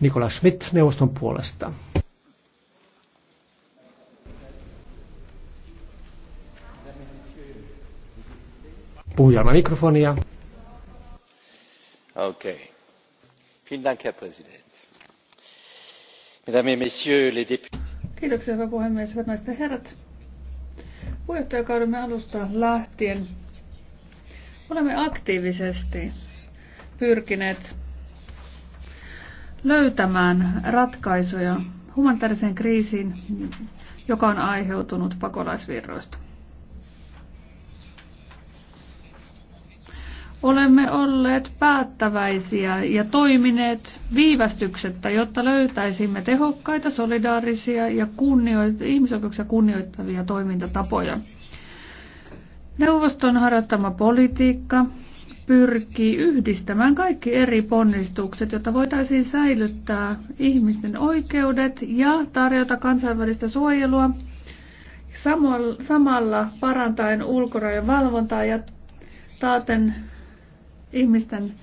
Nikola Schmidt neuvoston puolesta. Puhujelma mikrofonia. Okay. Vielen Dank, Herr Präsident. Mesdames et Messieurs, les députés. Kiitoksia, hyvä puhemies, hyvät naiset ja herrat. Puheenjohtajakaudemme alusta lähtien olemme aktiivisesti pyrkineet löytämään ratkaisuja humanitaariseen kriisiin, joka on aiheutunut pakolaisvirroista. Olemme olleet päättäväisiä ja toimineet viivästyksettä, jotta löytäisimme tehokkaita, solidaarisia ja kunnioit- ihmisoikeuksia kunnioittavia toimintatapoja. Neuvoston harjoittama politiikka pyrkii yhdistämään kaikki eri ponnistukset, jotta voitaisiin säilyttää ihmisten oikeudet ja tarjota kansainvälistä suojelua samalla parantaen ulkorajan valvontaa ja taaten ihmisten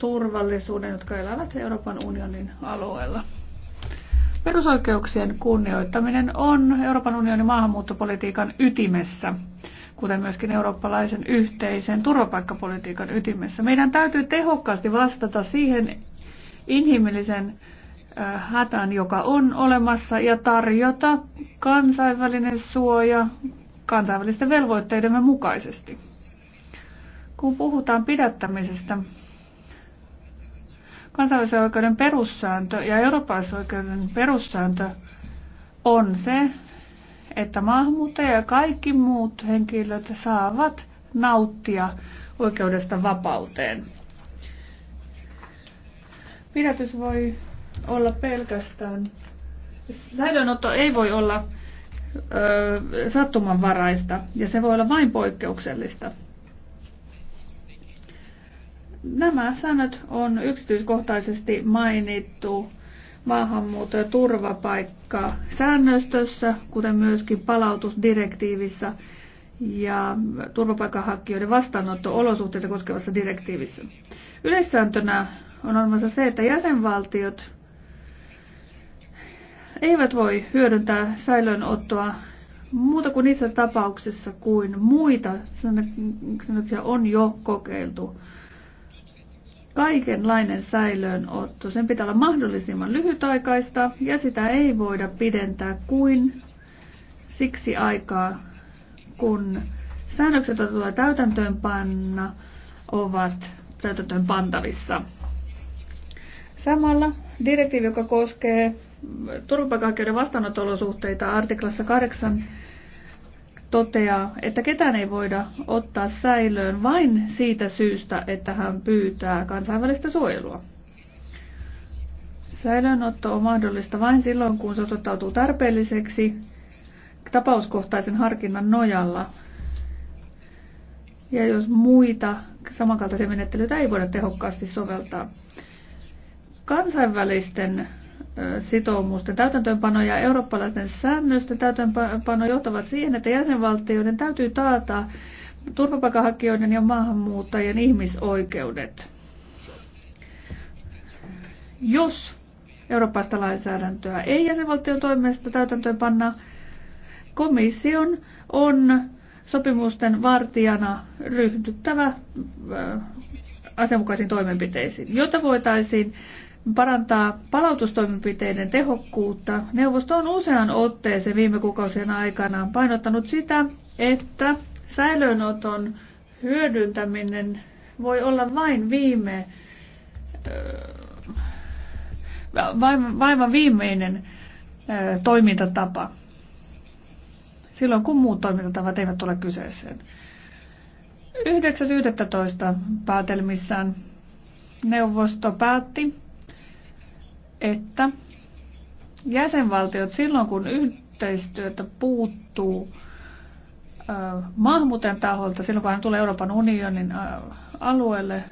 turvallisuuden, jotka elävät Euroopan unionin alueella. Perusoikeuksien kunnioittaminen on Euroopan unionin maahanmuuttopolitiikan ytimessä kuten myöskin eurooppalaisen yhteisen turvapaikkapolitiikan ytimessä. Meidän täytyy tehokkaasti vastata siihen inhimillisen hätään, joka on olemassa, ja tarjota kansainvälinen suoja kansainvälisten velvoitteidemme mukaisesti. Kun puhutaan pidättämisestä, kansainvälisen oikeuden perussääntö ja eurooppalaisen oikeuden perussääntö on se, että maahanmuuttaja ja kaikki muut henkilöt saavat nauttia oikeudesta vapauteen. Pidätys voi olla pelkästään, säilönotto ei voi olla ö, sattumanvaraista ja se voi olla vain poikkeuksellista. Nämä säännöt on yksityiskohtaisesti mainittu maahanmuutto- ja turvapaikka säännöstössä, kuten myöskin palautusdirektiivissä ja turvapaikanhakijoiden vastaanotto-olosuhteita koskevassa direktiivissä. Yleissääntönä on olemassa se, että jäsenvaltiot eivät voi hyödyntää säilöönottoa muuta kuin niissä tapauksissa kuin muita on jo kokeiltu kaikenlainen säilöönotto. Sen pitää olla mahdollisimman lyhytaikaista ja sitä ei voida pidentää kuin siksi aikaa, kun säännökset, joita tulee täytäntöönpanna, ovat täytäntöön pantavissa. Samalla direktiivi, joka koskee turvapaikanhakijoiden vastaanotto-olosuhteita artiklassa 8 toteaa, että ketään ei voida ottaa säilöön vain siitä syystä, että hän pyytää kansainvälistä suojelua. Säilöönotto on mahdollista vain silloin, kun se osoittautuu tarpeelliseksi tapauskohtaisen harkinnan nojalla. Ja jos muita samankaltaisia menettelyitä ei voida tehokkaasti soveltaa. Kansainvälisten sitoumusten täytäntöönpano ja eurooppalaisten säännösten täytäntöönpano johtavat siihen, että jäsenvaltioiden täytyy taata turvapaikanhakijoiden ja maahanmuuttajien ihmisoikeudet. Jos eurooppaista lainsäädäntöä ei jäsenvaltion toimesta täytäntöönpanna, komission on sopimusten vartijana ryhdyttävä asianmukaisiin toimenpiteisiin, jota voitaisiin parantaa palautustoimenpiteiden tehokkuutta. Neuvosto on usean otteeseen viime kuukausien aikana painottanut sitä, että säilöönoton hyödyntäminen voi olla vain viime, äh, vaivan viimeinen äh, toimintatapa. Silloin kun muut toimintatavat eivät tule kyseeseen. 9.11. päätelmissään neuvosto päätti että jäsenvaltiot silloin, kun yhteistyötä puuttuu mahmuten taholta, silloin kun hän tulee Euroopan unionin alueelle,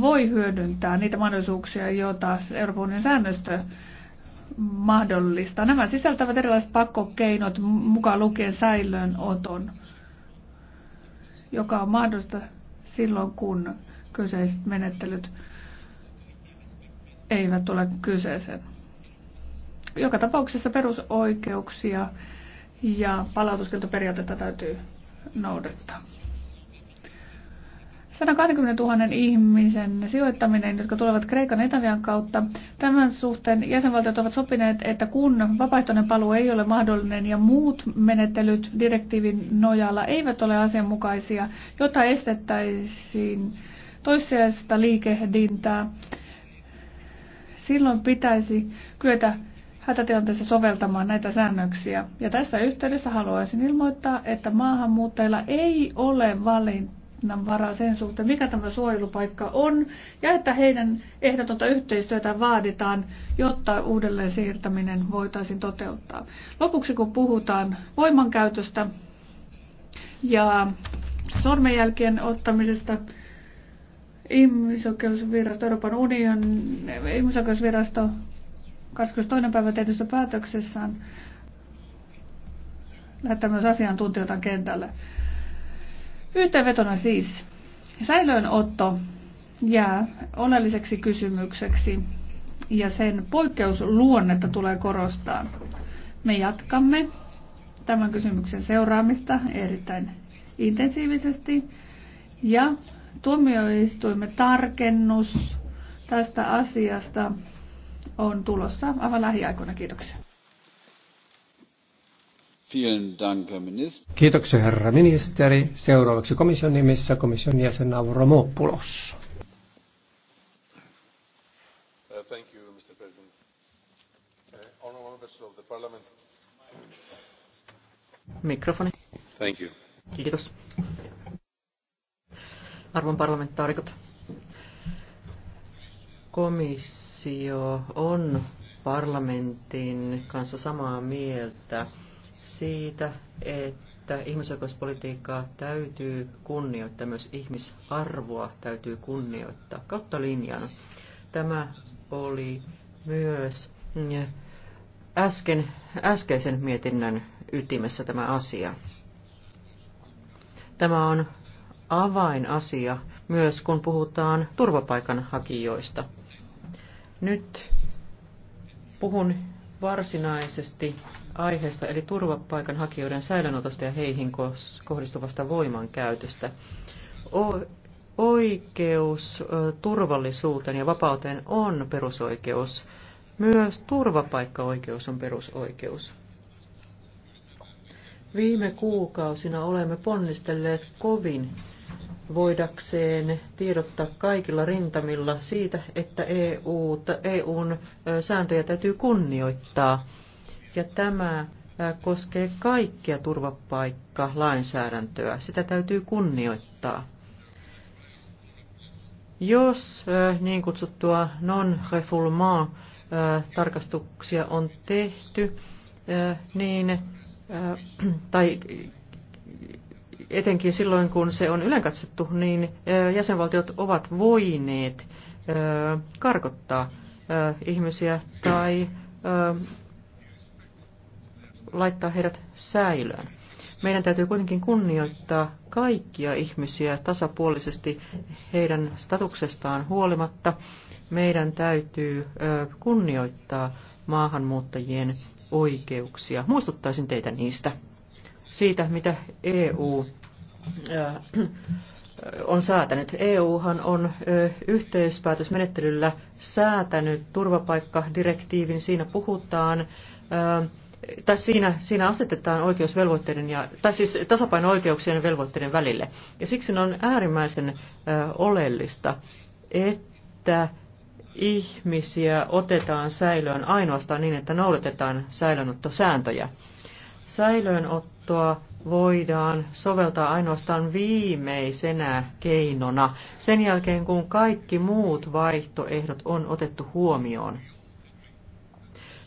voi hyödyntää niitä mahdollisuuksia, joita Euroopan unionin säännöstö mahdollistaa. Nämä sisältävät erilaiset pakkokeinot, mukaan lukien säilöönoton, joka on mahdollista silloin, kun kyseiset menettelyt eivät tule kyseeseen. Joka tapauksessa perusoikeuksia ja palautuskieltoperiaatetta täytyy noudattaa. 120 000 ihmisen sijoittaminen, jotka tulevat Kreikan Italian kautta. Tämän suhteen jäsenvaltiot ovat sopineet, että kun vapaaehtoinen paluu ei ole mahdollinen ja muut menettelyt direktiivin nojalla eivät ole asianmukaisia, jota estettäisiin toissijaista liikehdintää Silloin pitäisi kyetä hätätilanteessa soveltamaan näitä säännöksiä. Ja tässä yhteydessä haluaisin ilmoittaa, että maahanmuuttajilla ei ole valinnanvaraa sen suhteen, mikä tämä suojelupaikka on, ja että heidän ehdotonta yhteistyötä vaaditaan, jotta uudelleen siirtäminen voitaisiin toteuttaa. Lopuksi kun puhutaan voimankäytöstä ja sormenjälkien ottamisesta, ihmisoikeusvirasto, Euroopan union ihmisoikeusvirasto 22. päivä tehdyssä päätöksessään lähettää myös asiantuntijoita kentälle. Yhteenvetona siis säilöönotto jää oleelliseksi kysymykseksi ja sen poikkeusluonnetta tulee korostaa. Me jatkamme tämän kysymyksen seuraamista erittäin intensiivisesti ja tuomioistuimen tarkennus tästä asiasta on tulossa aivan lähiaikoina. Kiitoksia. Kiitoksia herra ministeri. Seuraavaksi komission nimissä komission jäsen Avramopoulos. Uh, uh, Mikrofoni. Thank you. Kiitos arvon parlamentaarikot. Komissio on parlamentin kanssa samaa mieltä siitä, että ihmisoikeuspolitiikkaa täytyy kunnioittaa, myös ihmisarvoa täytyy kunnioittaa kautta linjana. Tämä oli myös eh, äsken, äskeisen mietinnän ytimessä tämä asia. Tämä on avainasia myös, kun puhutaan turvapaikanhakijoista. Nyt puhun varsinaisesti aiheesta, eli turvapaikanhakijoiden säilönotosta ja heihin kohdistuvasta voimankäytöstä. Oikeus turvallisuuteen ja vapauteen on perusoikeus. Myös turvapaikkaoikeus on perusoikeus. Viime kuukausina olemme ponnistelleet kovin voidakseen tiedottaa kaikilla rintamilla siitä, että EU, EUn sääntöjä täytyy kunnioittaa. Ja tämä koskee kaikkia turvapaikkalainsäädäntöä. Sitä täytyy kunnioittaa. Jos niin kutsuttua non-refoulement tarkastuksia on tehty, niin, tai etenkin silloin, kun se on ylenkatsottu, niin jäsenvaltiot ovat voineet karkottaa ihmisiä tai laittaa heidät säilöön. Meidän täytyy kuitenkin kunnioittaa kaikkia ihmisiä tasapuolisesti heidän statuksestaan huolimatta. Meidän täytyy kunnioittaa maahanmuuttajien oikeuksia. Muistuttaisin teitä niistä siitä, mitä EU äh, on säätänyt. EUhan on äh, yhteispäätösmenettelyllä säätänyt turvapaikkadirektiivin. Siinä puhutaan äh, tai siinä, siinä asetetaan oikeusvelvoitteiden ja, tai siis tasapaino oikeuksien ja velvoitteiden välille. Ja siksi on äärimmäisen ö, oleellista, että ihmisiä otetaan säilöön ainoastaan niin, että noudatetaan säilönottosääntöjä. Säilöönotto velanottoa voidaan soveltaa ainoastaan viimeisenä keinona, sen jälkeen kun kaikki muut vaihtoehdot on otettu huomioon.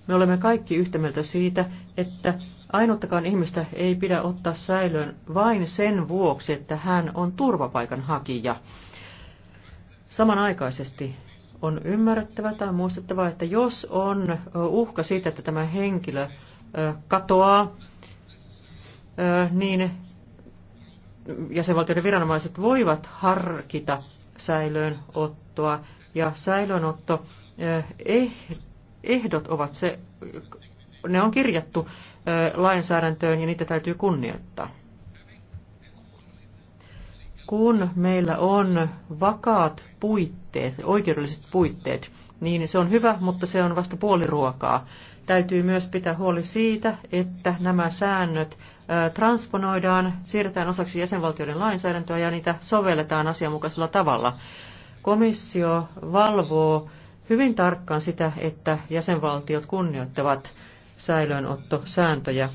Me olemme kaikki yhtä mieltä siitä, että ainuttakaan ihmistä ei pidä ottaa säilöön vain sen vuoksi, että hän on turvapaikan hakija. Samanaikaisesti on ymmärrettävä tai muistettava, että jos on uhka siitä, että tämä henkilö katoaa niin jäsenvaltioiden viranomaiset voivat harkita säilöönottoa ja säilöönotto eh, ehdot ovat se, ne on kirjattu lainsäädäntöön ja niitä täytyy kunnioittaa. Kun meillä on vakaat puitteet, oikeudelliset puitteet, niin se on hyvä, mutta se on vasta puoliruokaa. Täytyy myös pitää huoli siitä, että nämä säännöt transponoidaan, siirretään osaksi jäsenvaltioiden lainsäädäntöä ja niitä sovelletaan asianmukaisella tavalla. Komissio valvoo hyvin tarkkaan sitä, että jäsenvaltiot kunnioittavat säilöönottosääntöjä.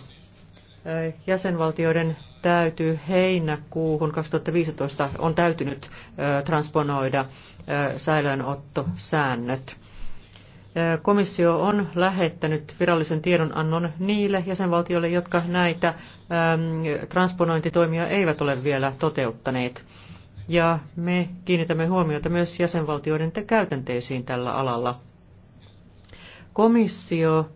Jäsenvaltioiden täytyy heinäkuuhun 2015 on täytynyt transponoida säilöönottosäännöt. Komissio on lähettänyt virallisen tiedonannon niille jäsenvaltioille, jotka näitä ähm, transponointitoimia eivät ole vielä toteuttaneet. Ja me kiinnitämme huomiota myös jäsenvaltioiden käytänteisiin tällä alalla. Komissio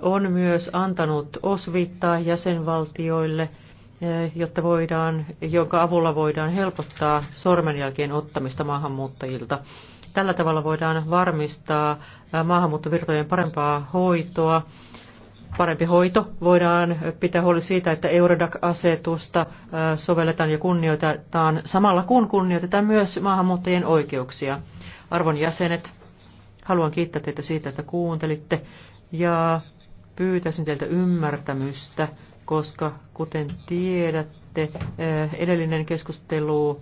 on myös antanut osviittaa jäsenvaltioille, eh, jotta voidaan, jonka avulla voidaan helpottaa sormenjälkien ottamista maahanmuuttajilta. Tällä tavalla voidaan varmistaa maahanmuuttovirtojen parempaa hoitoa. Parempi hoito voidaan pitää huoli siitä, että Eurodac-asetusta sovelletaan ja kunnioitetaan samalla kun kunnioitetaan myös maahanmuuttajien oikeuksia. Arvon jäsenet, haluan kiittää teitä siitä, että kuuntelitte ja pyytäisin teiltä ymmärtämystä, koska kuten tiedätte, edellinen keskustelu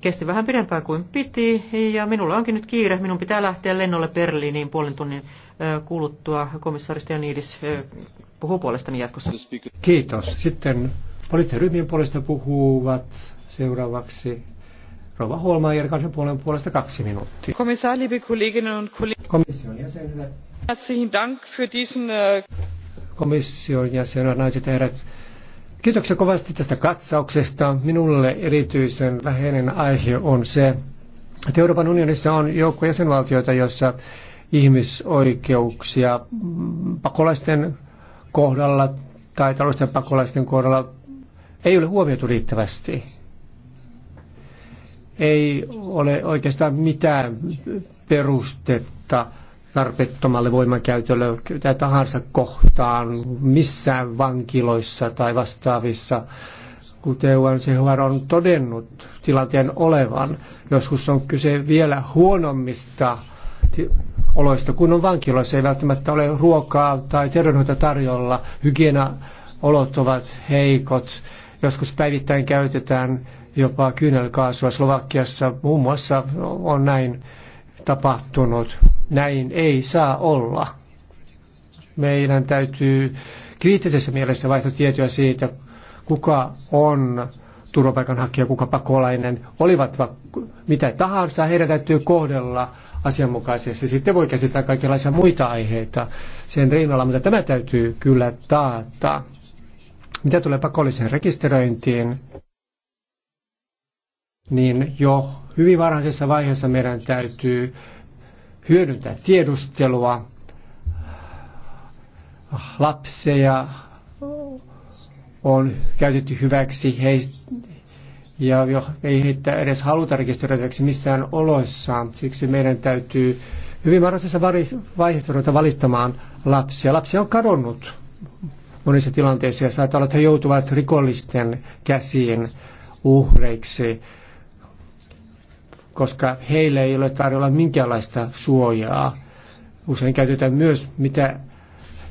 kesti vähän pidempään kuin piti ja minulla onkin nyt kiire. Minun pitää lähteä lennolle Berliiniin puolen tunnin kuluttua. Komissaari Stianidis puhuu puolestani jatkossa. Kiitos. Sitten poliittisen ryhmien puolesta puhuvat seuraavaksi Rova Holmaier kansanpuolen puolesta kaksi minuuttia. Komissaari, liebe Kolleginnen und Kollegen. Komission jäsenet. Herzlichen Dank für diesen... Äh, Komission jäsen, naiset ja herrat Kiitoksia kovasti tästä katsauksesta. Minulle erityisen läheinen aihe on se, että Euroopan unionissa on joukko jäsenvaltioita, joissa ihmisoikeuksia pakolaisten kohdalla tai taloudellisten pakolaisten kohdalla ei ole huomioitu riittävästi. Ei ole oikeastaan mitään perustetta tarpeettomalle voimakäytölle Tätä tahansa kohtaan missään vankiloissa tai vastaavissa. Kuten UNCHR on todennut tilanteen olevan, joskus on kyse vielä huonommista oloista kuin on vankiloissa. Ei välttämättä ole ruokaa tai terveydenhoitoa tarjolla, Hygienaolot ovat heikot. Joskus päivittäin käytetään jopa kyynelkaasua Slovakiassa. Muun muassa on näin tapahtunut. Näin ei saa olla. Meidän täytyy kriittisessä mielessä vaihtaa tietoa siitä, kuka on turvapaikanhakija, kuka pakolainen, olivat mitä tahansa, heidän täytyy kohdella asianmukaisesti. Sitten voi käsitellä kaikenlaisia muita aiheita sen rinnalla, mutta tämä täytyy kyllä taata. Mitä tulee pakolliseen rekisteröintiin, niin jo Hyvin varhaisessa vaiheessa meidän täytyy hyödyntää tiedustelua, lapseja on käytetty hyväksi heistä, ja jo, ei heitä edes haluta rekisteröitäväksi missään oloissa. Siksi meidän täytyy hyvin varhaisessa vaiheessa ruveta valistamaan lapsia. Lapsia on kadonnut monissa tilanteissa ja saattaa olla, että he joutuvat rikollisten käsiin uhreiksi koska heille ei ole tarjolla minkäänlaista suojaa. Usein käytetään myös mitä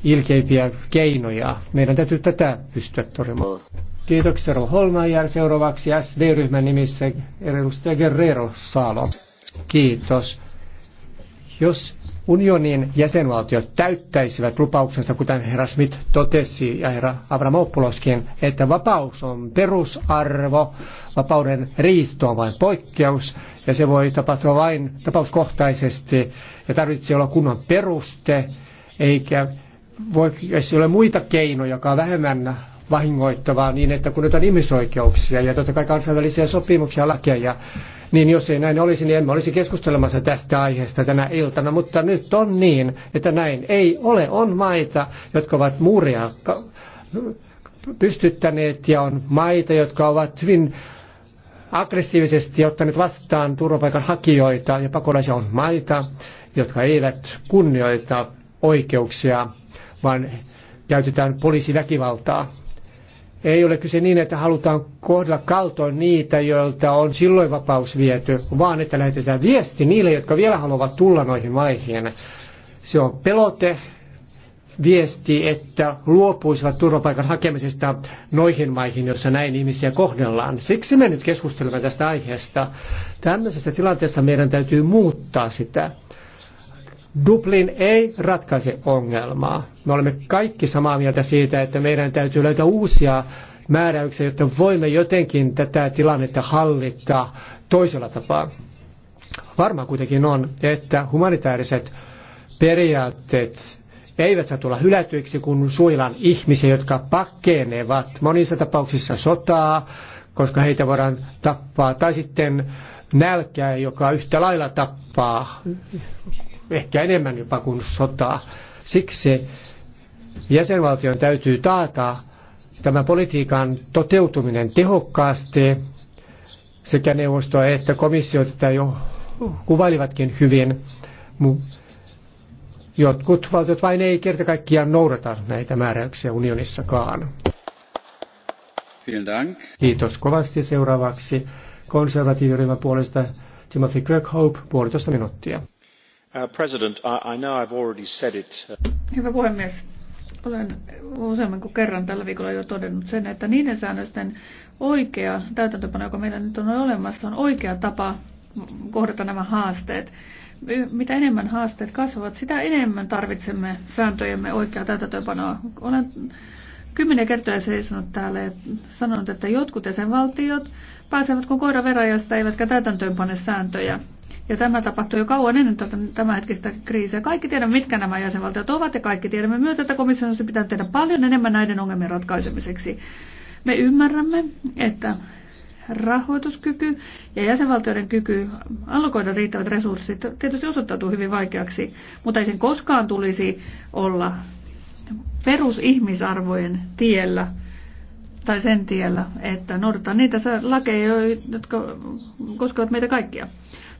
ilkeimpiä keinoja. Meidän täytyy tätä pystyä torjumaan. Kiitoksia Ro ja Seuraavaksi SD-ryhmän nimissä edustaja Guerrero Salo. Kiitos. Jos unionin jäsenvaltiot täyttäisivät lupauksensa, kuten herra Smith totesi ja herra Avramopouloskin, että vapaus on perusarvo, vapauden riisto on vain poikkeus ja se voi tapahtua vain tapauskohtaisesti ja tarvitsee olla kunnon peruste, eikä voi, jos ei ole muita keinoja, joka on vähemmän vahingoittavaa niin, että kun nyt on ihmisoikeuksia ja totta kai kansainvälisiä sopimuksia, lakeja, niin jos ei näin olisi, niin emme olisi keskustelemassa tästä aiheesta tänä iltana. Mutta nyt on niin, että näin ei ole. On maita, jotka ovat muuria pystyttäneet ja on maita, jotka ovat hyvin aggressiivisesti ottaneet vastaan turvapaikanhakijoita ja pakolaisia on maita, jotka eivät kunnioita oikeuksia, vaan käytetään poliisiväkivaltaa. Ei ole kyse niin, että halutaan kohdella kaltoin niitä, joilta on silloin vapaus viety, vaan että lähetetään viesti niille, jotka vielä haluavat tulla noihin maihin. Se on pelote, viesti, että luopuisivat turvapaikan hakemisesta noihin maihin, joissa näin ihmisiä kohdellaan. Siksi me nyt keskustelemme tästä aiheesta. Tämmöisessä tilanteessa meidän täytyy muuttaa sitä. Dublin ei ratkaise ongelmaa. Me olemme kaikki samaa mieltä siitä, että meidän täytyy löytää uusia määräyksiä, jotta voimme jotenkin tätä tilannetta hallita toisella tapaa. Varma kuitenkin on, että humanitaariset periaatteet eivät saa tulla hylätyiksi, kun suojellaan ihmisiä, jotka pakenevat monissa tapauksissa sotaa, koska heitä voidaan tappaa, tai sitten nälkää, joka yhtä lailla tappaa ehkä enemmän jopa kuin sotaa. Siksi jäsenvaltion täytyy taata tämän politiikan toteutuminen tehokkaasti. Sekä neuvostoa että komissio tätä jo kuvailivatkin hyvin. Jotkut valtiot vain ei kerta kaikkiaan noudata näitä määräyksiä unionissakaan. Kiitos kovasti. Seuraavaksi konservatiiviryhmän puolesta Timothy Kirkhope, puolitoista minuuttia. Uh, President, I know I've already said it. Uh, Hyvä puhemies, olen useamman kuin kerran tällä viikolla jo todennut sen, että niiden säännösten oikea täytäntöpano, joka meillä nyt on olemassa, on oikea tapa kohdata nämä haasteet. Mitä enemmän haasteet kasvavat, sitä enemmän tarvitsemme sääntöjemme oikeaa täytäntöpanoa. Olen kymmenen kertoja seisonut täällä ja sanonut, että jotkut jäsenvaltiot pääsevät kuin koira veräjästä, eivätkä täytäntöönpane sääntöjä. Ja tämä tapahtui jo kauan ennen tuota tämän hetkistä kriisiä. Kaikki tiedämme, mitkä nämä jäsenvaltiot ovat ja kaikki tiedämme myös, että komissiossa pitää tehdä paljon enemmän näiden ongelmien ratkaisemiseksi. Me ymmärrämme, että rahoituskyky ja jäsenvaltioiden kyky allokoida riittävät resurssit tietysti osoittautuu hyvin vaikeaksi, mutta ei sen koskaan tulisi olla perusihmisarvojen tiellä tai sen tiellä, että noudatetaan niitä lakeja, jotka koskevat meitä kaikkia.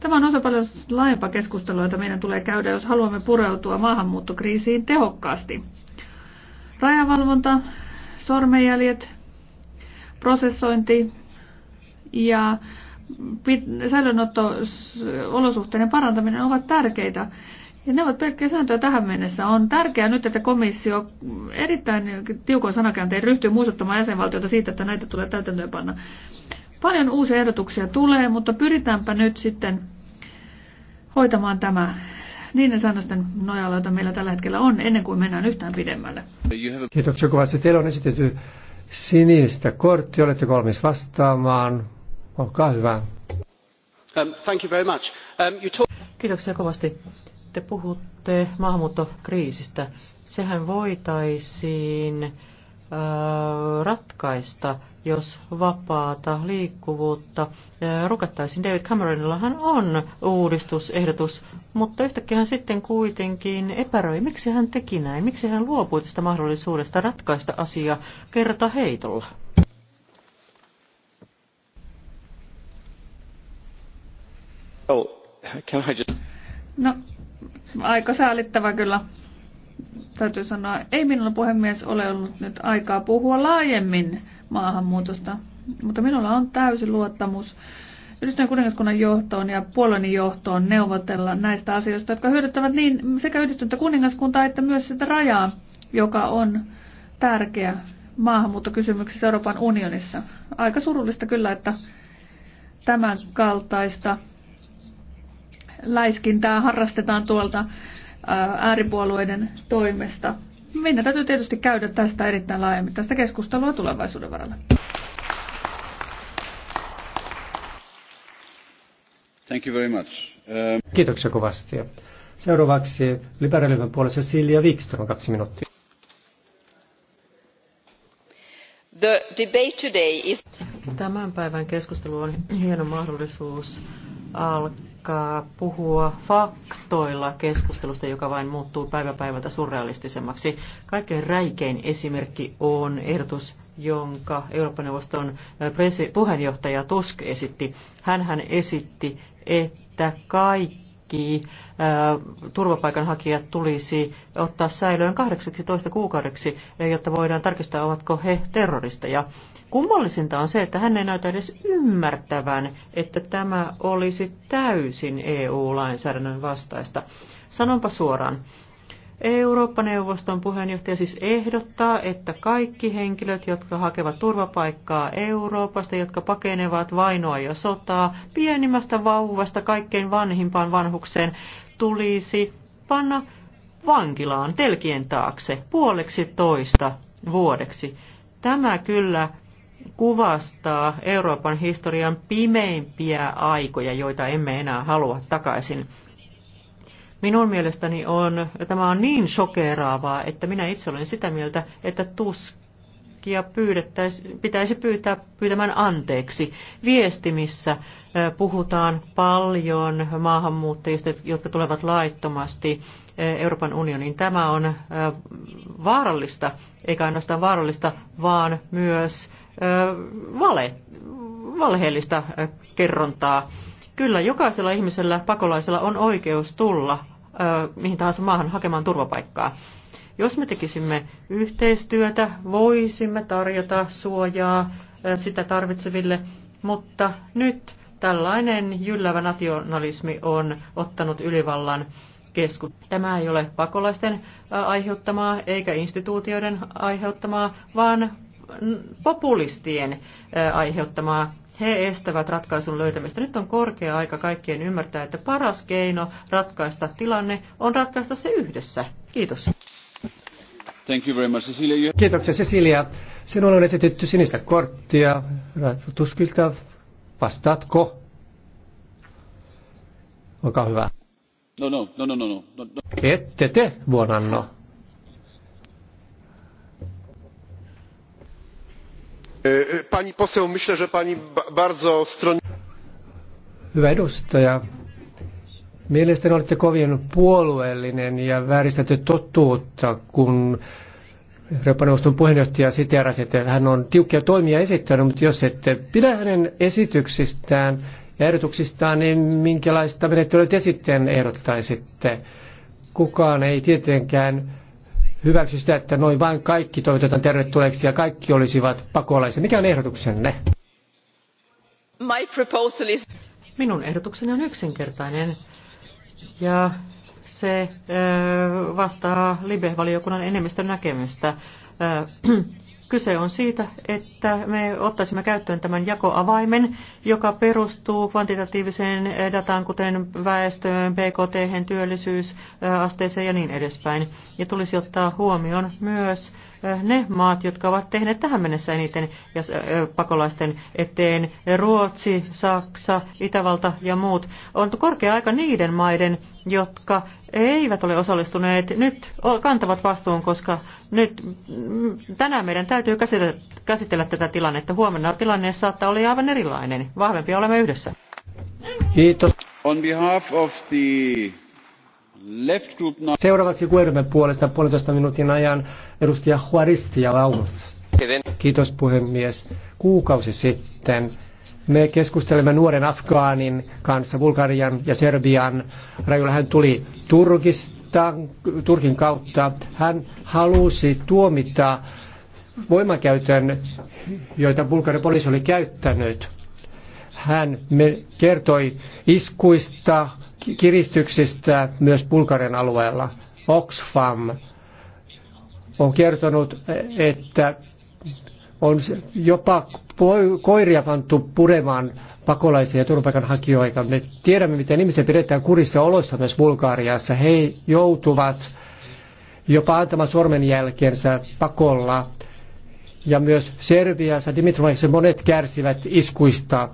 Tämä on osa paljon laajempaa keskustelua, jota meidän tulee käydä, jos haluamme pureutua maahanmuuttokriisiin tehokkaasti. Rajavalvonta, sormenjäljet, prosessointi ja säilönotto olosuhteiden parantaminen ovat tärkeitä. Ja ne ovat pelkkiä sääntöjä tähän mennessä. On tärkeää nyt, että komissio erittäin tiukoin sanakäänteen ryhtyy muistuttamaan jäsenvaltiota siitä, että näitä tulee panna. Paljon uusia ehdotuksia tulee, mutta pyritäänpä nyt sitten hoitamaan tämä niiden säännösten nojalla, joita meillä tällä hetkellä on, ennen kuin mennään yhtään pidemmälle. Kiitoksia kovasti. Teillä on esitetty sinistä kortti. olette valmis vastaamaan? Olkaa hyvä. Um, thank you very much. Um, you talk... Kiitoksia kovasti. Te puhutte maahanmuuttokriisistä. Sehän voitaisiin äh, ratkaista jos vapaata liikkuvuutta Rukattaisin David Cameronillahan on uudistusehdotus, mutta yhtäkkiä hän sitten kuitenkin epäröi. Miksi hän teki näin? Miksi hän luopui tästä mahdollisuudesta ratkaista asia kerta heitolla? No, aika säälittävä kyllä. Täytyy sanoa, ei minulla puhemies ole ollut nyt aikaa puhua laajemmin maahanmuutosta. Mutta minulla on täysi luottamus Yhdistyneen kuningaskunnan johtoon ja puolueen johtoon neuvotella näistä asioista, jotka hyödyttävät niin sekä yhdistyntä kuningaskuntaa että myös sitä rajaa, joka on tärkeä maahanmuuttokysymyksissä Euroopan unionissa. Aika surullista kyllä, että tämän kaltaista läiskintää harrastetaan tuolta ääripuolueiden toimesta. Meidän täytyy tietysti käydä tästä erittäin laajemmin tästä keskustelua tulevaisuuden varalla. Thank you very much. Um... Kiitoksia kovasti. Seuraavaksi liberaalien puolesta Silja Wikström, kaksi minuuttia. The debate today is... Tämän päivän keskustelu on hieno mahdollisuus alkaa alkaa puhua faktoilla keskustelusta, joka vain muuttuu päivä päivältä surrealistisemmaksi. Kaikkein räikein esimerkki on ehdotus, jonka Euroopan neuvoston puheenjohtaja Tusk esitti. hän esitti, että kaikki turvapaikanhakijat tulisi ottaa säilöön 18 kuukaudeksi, jotta voidaan tarkistaa, ovatko he terroristeja. Kummallisinta on se, että hän ei näytä edes ymmärtävän, että tämä olisi täysin EU-lainsäädännön vastaista. Sanonpa suoraan. Eurooppa-neuvoston puheenjohtaja siis ehdottaa, että kaikki henkilöt, jotka hakevat turvapaikkaa Euroopasta, jotka pakenevat vainoa ja sotaa, pienimmästä vauvasta kaikkein vanhimpaan vanhukseen, tulisi panna vankilaan telkien taakse puoleksi toista vuodeksi. Tämä kyllä kuvastaa Euroopan historian pimeimpiä aikoja, joita emme enää halua takaisin. Minun mielestäni on, tämä on niin shokeraavaa, että minä itse olen sitä mieltä, että tuskia pitäisi pyytää pyytämään anteeksi. Viestimissä puhutaan paljon maahanmuuttajista, jotka tulevat laittomasti Euroopan unioniin. Tämä on vaarallista, eikä ainoastaan vaarallista, vaan myös vale, valheellista kerrontaa. Kyllä jokaisella ihmisellä, pakolaisella on oikeus tulla mihin tahansa maahan hakemaan turvapaikkaa. Jos me tekisimme yhteistyötä, voisimme tarjota suojaa sitä tarvitseville, mutta nyt tällainen jyllävä nationalismi on ottanut ylivallan kesku. Tämä ei ole pakolaisten aiheuttamaa eikä instituutioiden aiheuttamaa, vaan populistien aiheuttamaa. He estävät ratkaisun löytämistä. Nyt on korkea aika kaikkien ymmärtää, että paras keino ratkaista tilanne on ratkaista se yhdessä. Kiitos. Thank you very much, Cecilia. Kiitoksia Cecilia. Sinulle on esitetty sinistä korttia. Tuskilta vastaatko? Olkaa hyvä. No, no, no, no, no. no. Ette te, vuonanno. E, pani poseł, myślę, że pani bardzo stron... Hyvä edustaja. Mielestäni olette kovin puolueellinen ja vääristätte totuutta, kun Eurooppa-neuvoston puheenjohtaja siteerasi, että hän on tiukkia toimia esittänyt, mutta jos ette pidä hänen esityksistään ja ehdotuksistaan, niin minkälaista menettelyä te sitten ehdottaisitte? Kukaan ei tietenkään hyväksy sitä, että noin vain kaikki toivotetaan tervetulleeksi ja kaikki olisivat pakolaisia. Mikä on ehdotuksenne? My proposal is... Minun ehdotukseni on yksinkertainen ja se vastaa Libe-valiokunnan enemmistön näkemystä. Kyse on siitä, että me ottaisimme käyttöön tämän jakoavaimen, joka perustuu kvantitatiiviseen dataan, kuten väestöön, BKT, työllisyysasteeseen ja niin edespäin. Ja tulisi ottaa huomioon myös ne maat, jotka ovat tehneet tähän mennessä eniten pakolaisten eteen, Ruotsi, Saksa, Itävalta ja muut, on korkea aika niiden maiden, jotka eivät ole osallistuneet, nyt kantavat vastuun, koska nyt mm, tänään meidän täytyy käsitellä, käsitellä tätä tilannetta. Huomenna tilanne saattaa olla aivan erilainen. Vahvempia olemme yhdessä. Kiitos. On behalf of the Seuraavaksi kueryhmän puolesta puolitoista minuutin ajan edustaja Juaristia launut. Kiitos puhemies. Kuukausi sitten me keskustelemme nuoren Afgaanin kanssa Bulgarian ja Serbian rajoilla. Hän tuli Turkista, Turkin kautta. Hän halusi tuomita voimakäytön, joita Bulgarian poliisi oli käyttänyt. Hän kertoi iskuista, kiristyksistä myös Bulgarian alueella. Oxfam on kertonut, että on jopa koiria pantu puremaan pakolaisia ja turvapaikanhakijoita. Me tiedämme, miten ihmisiä pidetään kurissa oloissa myös Bulgariassa. He joutuvat jopa antamaan sormenjälkensä pakolla. Ja myös Serbiassa Dimitrovissa monet kärsivät iskuista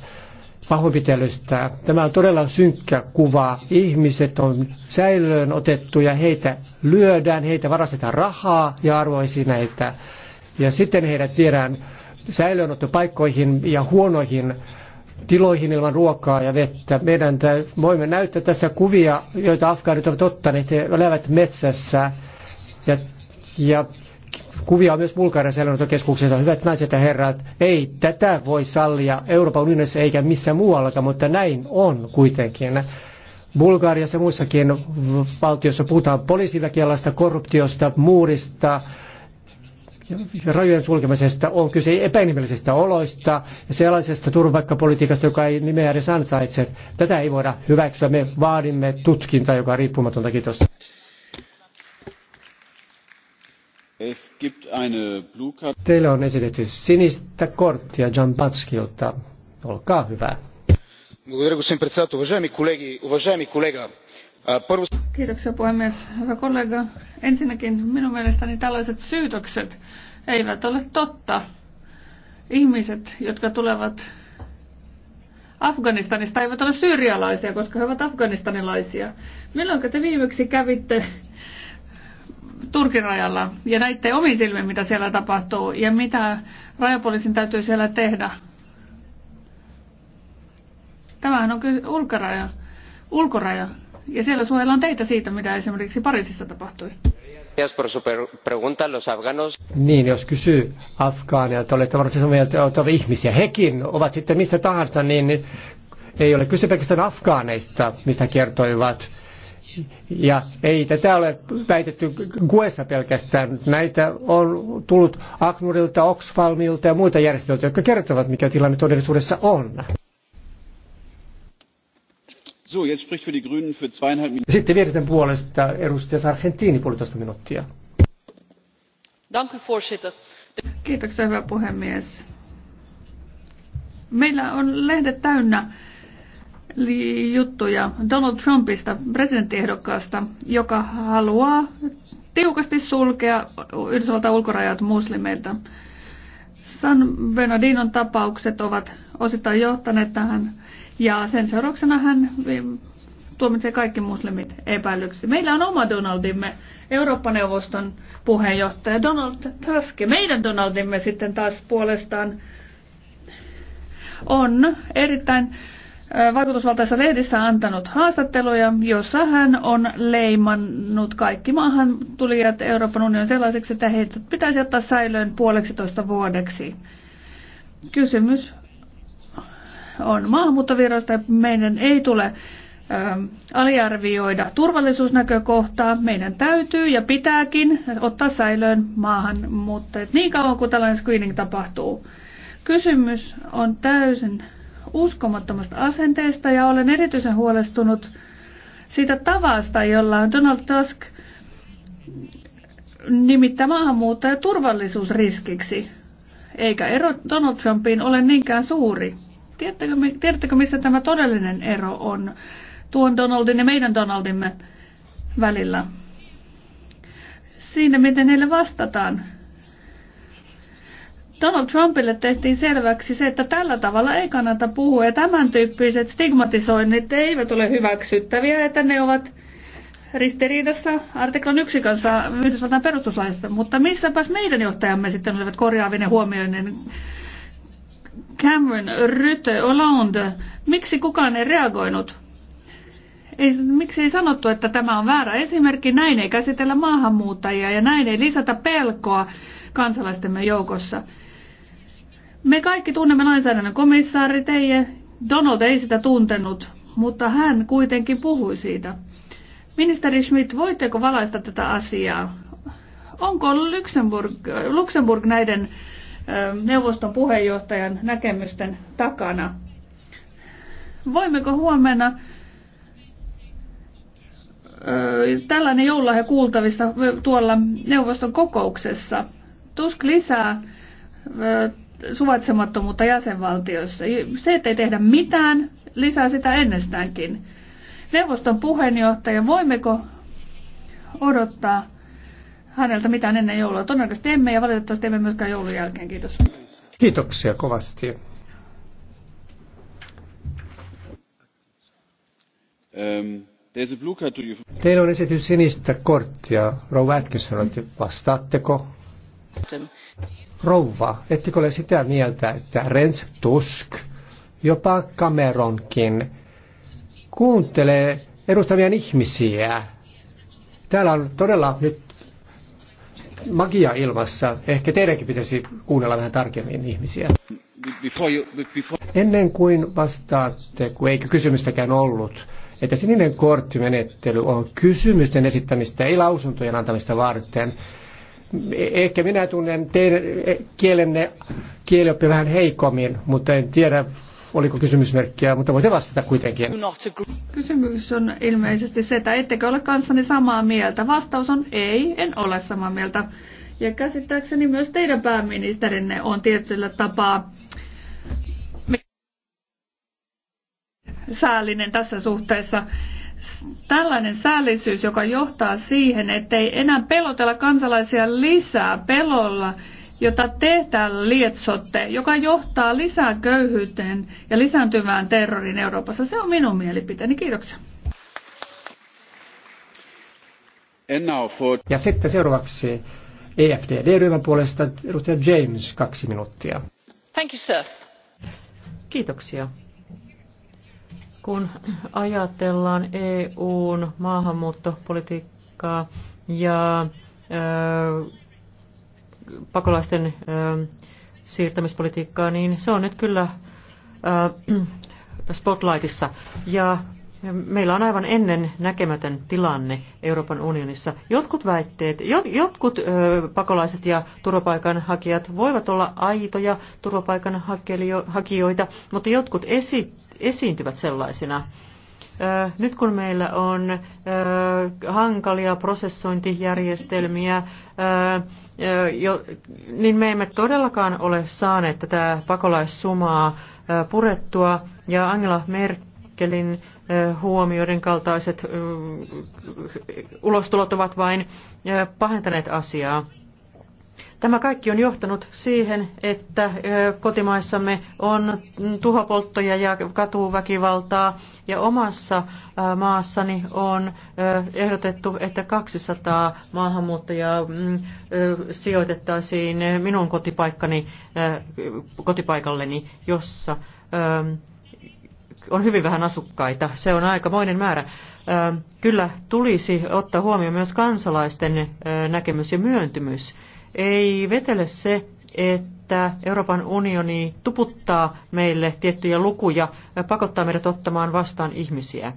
pahoinpitelystä. Tämä on todella synkkä kuva. Ihmiset on säilöön otettu ja heitä lyödään, heitä varastetaan rahaa ja näitä. Ja sitten heidät viedään säilöönottopaikkoihin ja huonoihin tiloihin ilman ruokaa ja vettä. Meidän voimme näyttää tässä kuvia, joita afgaanit ovat ottaneet. He elävät metsässä ja, ja Kuvia on myös Bulgarian säilönottokeskuksesta. Hyvät naiset ja herrat, ei tätä voi sallia Euroopan unionissa eikä missään muuallakaan, mutta näin on kuitenkin. Bulgariassa ja muissakin valtioissa puhutaan poliisiväkialasta, korruptiosta, muurista, rajojen sulkemisesta, on kyse epäinhimillisistä oloista ja sellaisesta turvapaikkapolitiikasta, joka ei nimeä edes ansaitse. Tätä ei voida hyväksyä. Me vaadimme tutkintaa, joka on riippumatonta. Kiitos. Teillä on esitetty sinistä korttia Jan Jambatskilta. Olkaa hyvä. Kiitoksia puhemies. Hyvä kollega, ensinnäkin minun mielestäni tällaiset syytökset eivät ole totta. Ihmiset, jotka tulevat Afganistanista, eivät ole syyrialaisia, koska he ovat afganistanilaisia. Milloin te viimeksi kävitte Turkin rajalla ja näitte omin silmin, mitä siellä tapahtuu ja mitä rajapoliisin täytyy siellä tehdä. Tämähän on kyllä ulkoraja, ulkoraja ja siellä suojellaan teitä siitä, mitä esimerkiksi Pariisissa tapahtui. Niin, jos kysyy afgaaneja, että olette varmasti samaa mieltä, että ihmisiä, hekin ovat sitten mistä tahansa, niin ei ole kyse pelkästään afgaaneista, mistä kertoivat, ja ei tätä ole väitetty Guessa pelkästään. Näitä on tullut Aknurilta, Oxfamilta ja muita järjestöiltä, jotka kertovat, mikä tilanne todellisuudessa on. So, jetzt spricht für die Grünen für zweieinhalb Minuten. Sitten vierten puolesta edustaja Sargentini puolitoista minuuttia. Dank u, voorzitter. Kiitoksia, hyvä puhemies. Meillä on lehdet täynnä juttuja Donald Trumpista, presidenttiehdokkaasta, joka haluaa tiukasti sulkea Yhdysvaltain ulkorajat muslimeilta. San Bernardinon tapaukset ovat osittain johtaneet tähän ja sen seurauksena hän tuomitsee kaikki muslimit epäilyksi. Meillä on oma Donaldimme, Eurooppa-neuvoston puheenjohtaja Donald Tusk. Meidän Donaldimme sitten taas puolestaan on erittäin vaikutusvaltaisessa lehdissä antanut haastatteluja, jossa hän on leimannut kaikki maahan tulijat Euroopan unionin sellaiseksi, että heitä pitäisi ottaa säilöön puoleksitoista vuodeksi. Kysymys on ja Meidän ei tule aliarvioida turvallisuusnäkökohtaa. Meidän täytyy ja pitääkin ottaa säilöön mutta niin kauan kuin tällainen screening tapahtuu. Kysymys on täysin uskomattomasta asenteesta ja olen erityisen huolestunut siitä tavasta, jolla Donald Tusk nimittää maahanmuuttaja turvallisuusriskiksi, eikä ero Donald Trumpiin ole niinkään suuri. Tiedättekö, tiedättekö missä tämä todellinen ero on tuon Donaldin ja meidän Donaldimme välillä? Siinä, miten heille vastataan Donald Trumpille tehtiin selväksi se, että tällä tavalla ei kannata puhua ja tämän tyyppiset stigmatisoinnit eivät ole hyväksyttäviä, että ne ovat ristiriidassa artiklan yksi kanssa Yhdysvaltain perustuslaissa. Mutta missäpäs meidän johtajamme sitten olivat korjaavinen huomioinen Cameron, Rytte, Hollande, miksi kukaan ei reagoinut? Ei, miksi ei sanottu, että tämä on väärä esimerkki, näin ei käsitellä maahanmuuttajia ja näin ei lisätä pelkoa kansalaistemme joukossa. Me kaikki tunnemme lainsäädännön komissaari Teije. Donald ei sitä tuntenut, mutta hän kuitenkin puhui siitä. Ministeri Schmidt, voitteko valaista tätä asiaa? Onko Luxemburg, Luxemburg näiden neuvoston puheenjohtajan näkemysten takana? Voimmeko huomenna tällainen joululahja kuultavissa tuolla neuvoston kokouksessa? Tusk lisää suvaitsemattomuutta jäsenvaltioissa. Se, ettei tehdä mitään, lisää sitä ennestäänkin. Neuvoston puheenjohtaja, voimmeko odottaa häneltä mitään ennen joulua? Todennäköisesti emme ja valitettavasti emme myöskään joulun jälkeen. Kiitos. Kiitoksia kovasti. Um, Teillä on esitys sinistä korttia. Rouva Atkinson, vastaatteko? Rouva, ettekö ole sitä mieltä, että Rens Tusk, jopa Cameronkin, kuuntelee edustavien ihmisiä? Täällä on todella nyt magia ilmassa. Ehkä teidänkin pitäisi kuunnella vähän tarkemmin ihmisiä. Before you, before... Ennen kuin vastaatte, kun eikö kysymystäkään ollut, että sininen korttimenettely on kysymysten esittämistä, ei lausuntojen antamista varten. Ehkä minä tunnen teidän kielenne kielioppi vähän heikommin, mutta en tiedä, oliko kysymysmerkkiä, mutta voitte vastata kuitenkin. Kysymys on ilmeisesti se, että ettekö ole kanssani samaa mieltä. Vastaus on ei, en ole samaa mieltä. Ja käsittääkseni myös teidän pääministerinne on tietyllä tapaa säällinen tässä suhteessa tällainen säällisyys, joka johtaa siihen, ettei enää pelotella kansalaisia lisää pelolla, jota te täällä lietsotte, joka johtaa lisää köyhyyteen ja lisääntyvään terroriin Euroopassa. Se on minun mielipiteeni. Kiitoksia. Ja sitten seuraavaksi EFDD-ryhmän puolesta edustaja James, kaksi minuuttia. Thank you, sir. Kiitoksia. Kun ajatellaan EUn maahanmuuttopolitiikkaa ja pakolaisten siirtämispolitiikkaa, niin se on nyt kyllä spotlightissa. Ja meillä on aivan ennen näkemätön tilanne Euroopan unionissa. Jotkut väitteet, jotkut pakolaiset ja turvapaikanhakijat voivat olla aitoja turvapaikanhakijoita, mutta jotkut esittävät, esiintyvät sellaisina. Nyt kun meillä on hankalia prosessointijärjestelmiä, niin me emme todellakaan ole saaneet tätä pakolaissumaa purettua. Ja Angela Merkelin huomioiden kaltaiset ulostulot ovat vain pahentaneet asiaa. Tämä kaikki on johtanut siihen, että kotimaissamme on tuhopolttoja ja katuväkivaltaa ja omassa maassani on ehdotettu, että 200 maahanmuuttajaa mm, sijoitettaisiin minun kotipaikkani, kotipaikalleni, jossa on hyvin vähän asukkaita. Se on aikamoinen määrä. Kyllä tulisi ottaa huomioon myös kansalaisten näkemys ja myöntymys ei vetele se, että Euroopan unioni tuputtaa meille tiettyjä lukuja, ja pakottaa meidät ottamaan vastaan ihmisiä.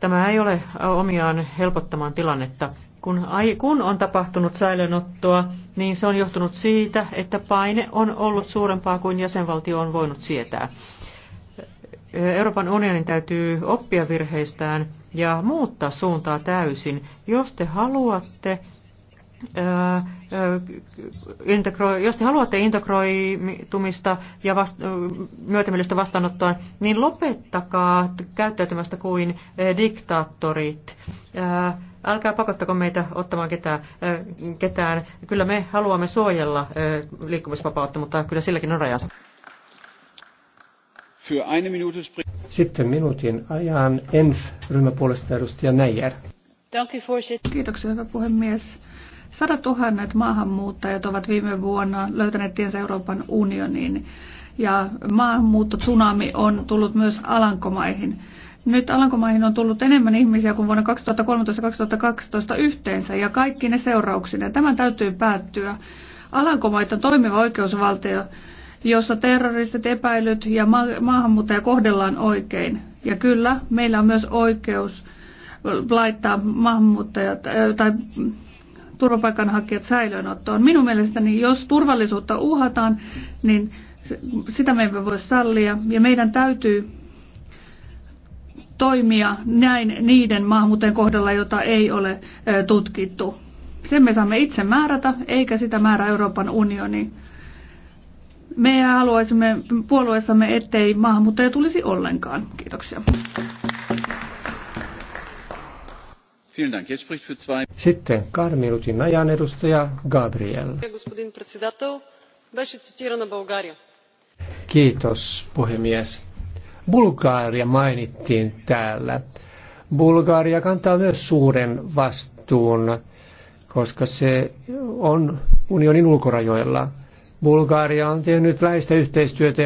Tämä ei ole omiaan helpottamaan tilannetta. Kun, ai, kun on tapahtunut säilönottoa, niin se on johtunut siitä, että paine on ollut suurempaa kuin jäsenvaltio on voinut sietää. Euroopan unionin täytyy oppia virheistään ja muuttaa suuntaa täysin. Jos te haluatte integroi, jos te haluatte integroitumista ja vast, myötämielistä vastaanottoa, niin lopettakaa käyttäytymästä kuin diktaattorit. Älkää pakottako meitä ottamaan ketään, ketään. Kyllä me haluamme suojella liikkumisvapautta, mutta kyllä silläkin on rajansa. Sitten minuutin ajan ENF-ryhmäpuolesta edustaja Neijer. Kiitoksia, hyvä puhemies. Sadat tuhannet maahanmuuttajat ovat viime vuonna löytäneet tiensä Euroopan unioniin ja maahanmuuttotsunami on tullut myös Alankomaihin. Nyt Alankomaihin on tullut enemmän ihmisiä kuin vuonna 2013-2012 yhteensä ja kaikki ne seurauksina. Tämän täytyy päättyä. Alankomait on toimiva oikeusvaltio, jossa terroristit, epäilyt ja ma- maahanmuuttaja kohdellaan oikein. Ja kyllä, meillä on myös oikeus laittaa maahanmuuttajat tai turvapaikanhakijat säilöönottoon. Minun mielestäni, jos turvallisuutta uhataan, niin sitä me emme voi sallia ja meidän täytyy toimia näin niiden maahanmuuttajien kohdalla, jota ei ole tutkittu. Sen me saamme itse määrätä, eikä sitä määrä Euroopan unioni. Me haluaisimme puolueessamme, ettei maahanmuuttajia tulisi ollenkaan. Kiitoksia. Sitten kahden minuutin ajan edustaja Gabriel. Kiitos puhemies. Bulgaaria mainittiin täällä. Bulgaaria kantaa myös suuren vastuun, koska se on unionin ulkorajoilla. Bulgaaria on tehnyt läheistä yhteistyötä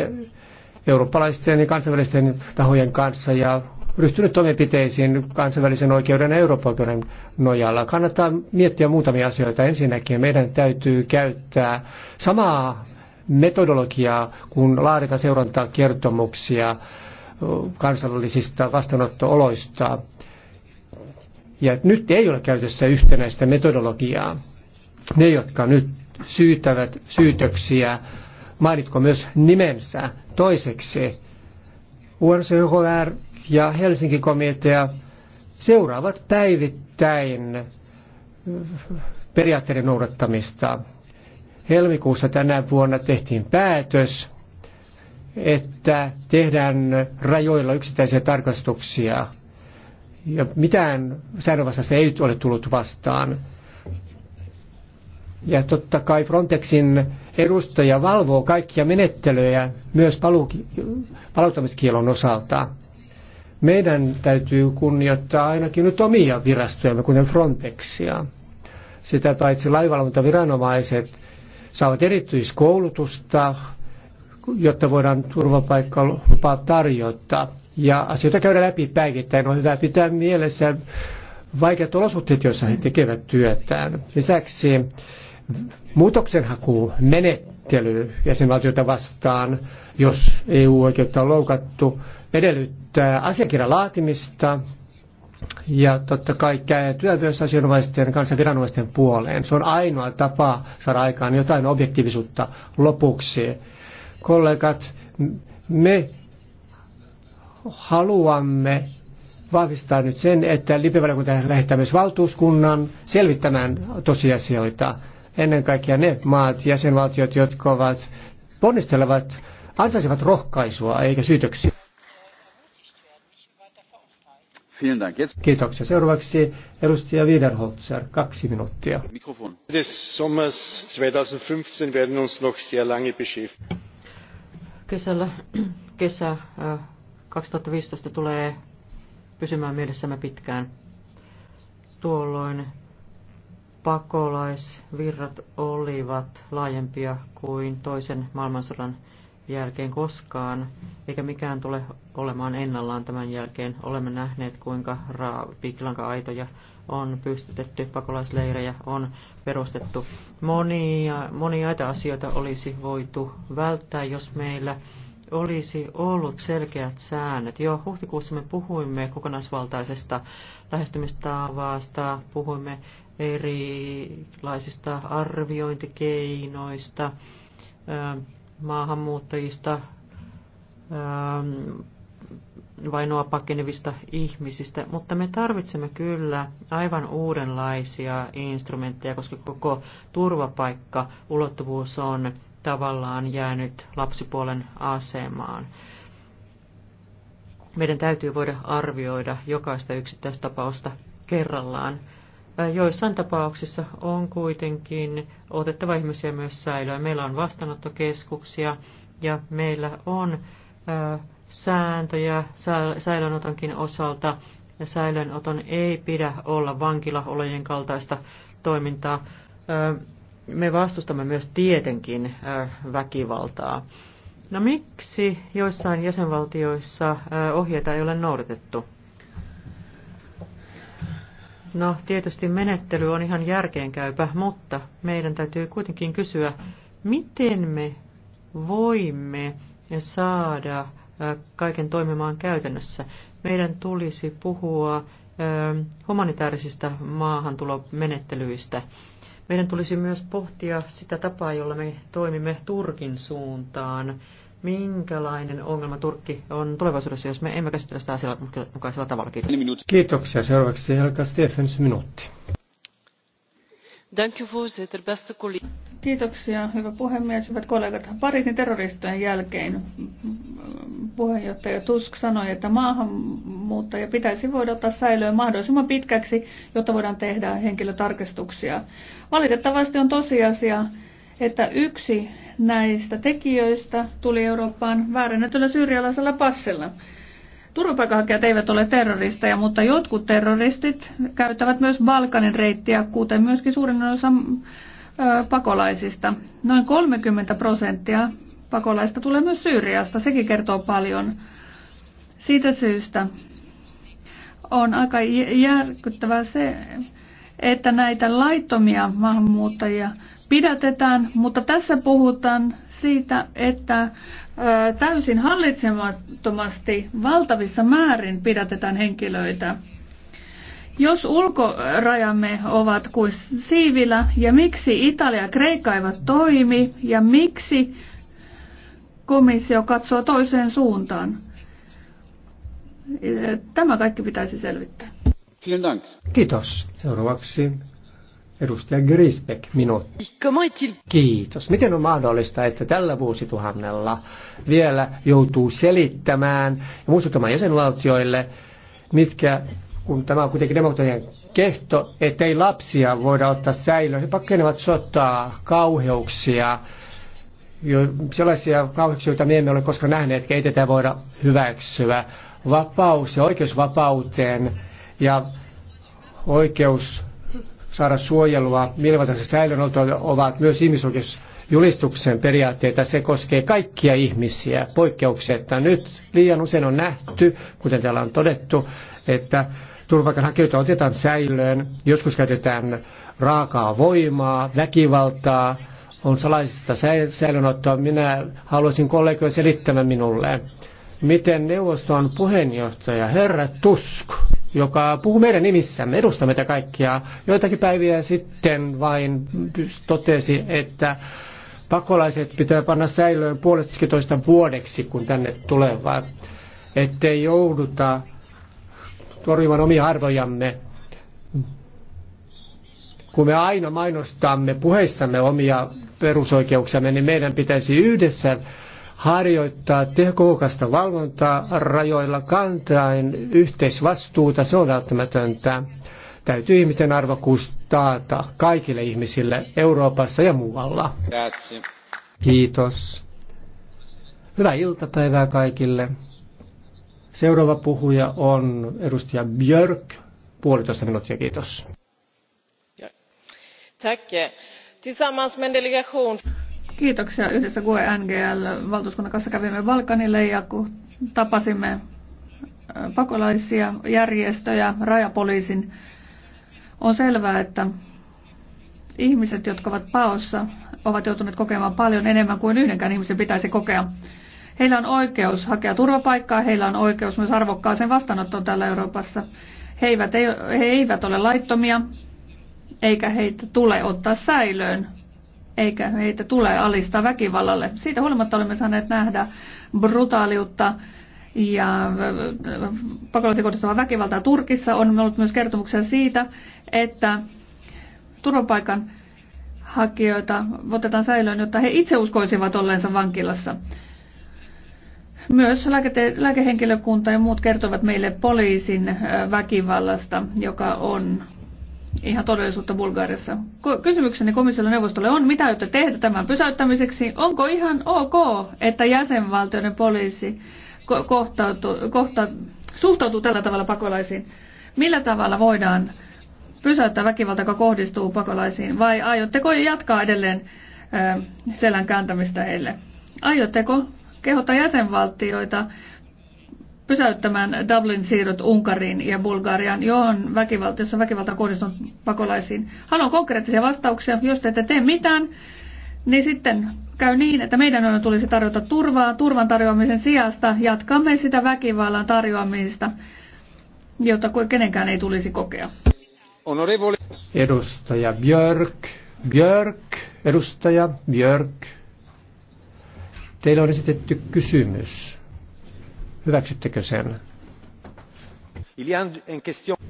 eurooppalaisten ja kansainvälisten tahojen kanssa ja ryhtynyt toimenpiteisiin kansainvälisen oikeuden ja Euroopan oikeuden nojalla. Kannattaa miettiä muutamia asioita. Ensinnäkin meidän täytyy käyttää samaa metodologiaa, kun laaditaan seurantaa kertomuksia kansallisista vastaanottooloista. Ja nyt ei ole käytössä yhtenäistä metodologiaa. Ne, jotka nyt syytävät syytöksiä, mainitko myös nimensä. Toiseksi UNCHR ja Helsinki komitea seuraavat päivittäin periaatteiden noudattamista. Helmikuussa tänä vuonna tehtiin päätös, että tehdään rajoilla yksittäisiä tarkastuksia. Ja mitään säännönvastaista ei ole tullut vastaan. Ja totta kai Frontexin edustaja valvoo kaikkia menettelyjä myös palu- palauttamiskielon osalta meidän täytyy kunnioittaa ainakin nyt omia virastojamme, kuten Frontexia. Sitä paitsi laivalvontaviranomaiset saavat erityiskoulutusta, jotta voidaan turvapaikkalupaa tarjota. Ja asioita käydä läpi päivittäin. On hyvä pitää mielessä vaikeat olosuhteet, joissa he tekevät työtään. Lisäksi muutoksenhakumenettely jäsenvaltiota vastaan, jos EU-oikeutta on loukattu, edellyttää Äh, asiakirjan laatimista ja totta kai käytyä myös asianomaisten kanssa viranomaisten puoleen. Se on ainoa tapa saada aikaan jotain objektiivisuutta lopuksi. Kollegat, me haluamme vahvistaa nyt sen, että lipivaliokunta lähettää myös valtuuskunnan selvittämään tosiasioita. Ennen kaikkea ne maat, jäsenvaltiot, jotka ovat ponnistelevat, ansaisivat rohkaisua eikä syytöksiä. Kiitoksia. Seuraavaksi edustaja Wiederholzer, kaksi minuuttia. Kesällä, kesä 2015 äh, tulee pysymään mielessämme pitkään. Tuolloin pakolaisvirrat olivat laajempia kuin toisen maailmansodan jälkeen koskaan eikä mikään tule olemaan ennallaan tämän jälkeen. Olemme nähneet, kuinka piklanka-aitoja on pystytetty, pakolaisleirejä on perustettu. Monia, monia asioita olisi voitu välttää, jos meillä olisi ollut selkeät säännöt. Jo huhtikuussa me puhuimme kokonaisvaltaisesta lähestymistavasta, puhuimme erilaisista arviointikeinoista, maahanmuuttajista, Ähm, vainoa pakenevista ihmisistä, mutta me tarvitsemme kyllä aivan uudenlaisia instrumentteja, koska koko turvapaikka ulottuvuus on tavallaan jäänyt lapsipuolen asemaan. Meidän täytyy voida arvioida jokaista yksittäistä tapausta kerrallaan. Äh, joissain tapauksissa on kuitenkin otettava ihmisiä myös säilöön. Meillä on vastaanottokeskuksia ja meillä on sääntöjä säilönotonkin osalta. Ja säilönoton ei pidä olla vankilaolojen kaltaista toimintaa. Me vastustamme myös tietenkin väkivaltaa. No miksi joissain jäsenvaltioissa ohjeita ei ole noudatettu? No tietysti menettely on ihan järkeenkäypä, mutta meidän täytyy kuitenkin kysyä, miten me voimme saada kaiken toimimaan käytännössä. Meidän tulisi puhua humanitaarisista maahantulomenettelyistä. Meidän tulisi myös pohtia sitä tapaa, jolla me toimimme Turkin suuntaan. Minkälainen ongelma Turkki on tulevaisuudessa, jos me emme käsittele sitä asialla mukaisella tavalla? Kiitos. Kiitoksia. Seuraavaksi Helga Stefens minuutti. Kiitoksia, hyvä puhemies, hyvät kollegat. Pariisin terroristien jälkeen puheenjohtaja Tusk sanoi, että maahanmuuttaja pitäisi voida ottaa säilöön mahdollisimman pitkäksi, jotta voidaan tehdä henkilötarkastuksia. Valitettavasti on tosiasia, että yksi näistä tekijöistä tuli Eurooppaan väärennetyllä syyrialaisella passilla. Turvapaikanhakijat eivät ole terroristeja, mutta jotkut terroristit käyttävät myös Balkanin reittiä, kuten myöskin suurin osa pakolaisista. Noin 30 prosenttia pakolaista tulee myös Syyriasta, sekin kertoo paljon. Siitä syystä on aika järkyttävää se, että näitä laittomia maahanmuuttajia pidätetään, mutta tässä puhutaan siitä, että täysin hallitsemattomasti valtavissa määrin pidätetään henkilöitä. Jos ulkorajamme ovat kuin siivillä ja miksi Italia ja Kreikka eivät toimi ja miksi komissio katsoo toiseen suuntaan? Tämä kaikki pitäisi selvittää. Kiitos. Seuraavaksi Edustaja Grisbeck, minuutti. Kiitos. Miten on mahdollista, että tällä vuosituhannella vielä joutuu selittämään ja muistuttamaan jäsenvaltioille, mitkä, kun tämä on kuitenkin demokratian kehto, ei lapsia voida ottaa säilöön. He pakenevat sotaa, kauheuksia, jo sellaisia kauheuksia, joita me emme ole koskaan nähneet, että ei tätä voida hyväksyä. Vapaus ja oikeus ja oikeus saada suojelua, mielivaltaisen säilönotto ovat myös ihmisoikeusjulistuksen periaatteita. Se koskee kaikkia ihmisiä poikkeuksetta. Nyt liian usein on nähty, kuten täällä on todettu, että turvapaikanhakijoita otetaan säilöön, joskus käytetään raakaa voimaa, väkivaltaa, on salaisista säilönottoa. Minä haluaisin kollegoja selittämään minulle, miten neuvoston puheenjohtaja, herra Tusk, joka puhuu meidän nimissämme, edustamme tätä kaikkia, joitakin päiviä sitten vain totesi, että pakolaiset pitää panna säilöön puolestoista vuodeksi, kun tänne tulevat, ettei jouduta torjumaan omia arvojamme. Kun me aina mainostamme puheissamme omia perusoikeuksiamme, niin meidän pitäisi yhdessä harjoittaa tehokasta valvontaa rajoilla kantaen yhteisvastuuta, se on välttämätöntä. Täytyy ihmisten arvokkuus taata kaikille ihmisille Euroopassa ja muualla. Grazie. Kiitos. Hyvää iltapäivää kaikille. Seuraava puhuja on edustaja Björk. Puolitoista minuuttia, kiitos. Tack. Tillsammans med en delegation Kiitoksia. Yhdessä GNGL-valtuuskunnan kanssa kävimme Balkanille ja kun tapasimme pakolaisia, järjestöjä, rajapoliisin, on selvää, että ihmiset, jotka ovat paossa, ovat joutuneet kokemaan paljon enemmän kuin yhdenkään ihmisen pitäisi kokea. Heillä on oikeus hakea turvapaikkaa, heillä on oikeus myös arvokkaaseen vastaanottoon täällä Euroopassa. He eivät, he eivät ole laittomia, eikä heitä tule ottaa säilöön eikä heitä tule alistaa väkivallalle. Siitä huolimatta olemme saaneet nähdä brutaaliutta ja äh, pakolaisiin kohdistuvaa väkivaltaa Turkissa. On ollut myös kertomuksia siitä, että turvapaikan hakijoita otetaan säilöön, jotta he itse uskoisivat olleensa vankilassa. Myös lääkete- lääkehenkilökunta ja muut kertovat meille poliisin äh, väkivallasta, joka on ihan todellisuutta Bulgariassa. Kysymykseni komissiolle neuvostolle on, mitä aiotte tehdä tämän pysäyttämiseksi? Onko ihan ok, että jäsenvaltioiden poliisi kohtautuu, kohta, suhtautuu tällä tavalla pakolaisiin? Millä tavalla voidaan pysäyttää väkivalta, joka kohdistuu pakolaisiin? Vai aiotteko jatkaa edelleen selän kääntämistä heille? Aiotteko kehottaa jäsenvaltioita pysäyttämään Dublin-siirrot Unkariin ja Bulgariaan, johon väkivalta, jossa väkivalta on kohdistunut pakolaisiin. Haluan konkreettisia vastauksia. Jos te ette tee mitään, niin sitten käy niin, että meidän on tulisi tarjota turvaa turvan tarjoamisen sijasta. Jatkamme sitä väkivallan tarjoamista, jota kenenkään ei tulisi kokea. Edustaja Björk, Björk, edustaja Björk. Teillä on esitetty kysymys. Hyväksyttekö sen?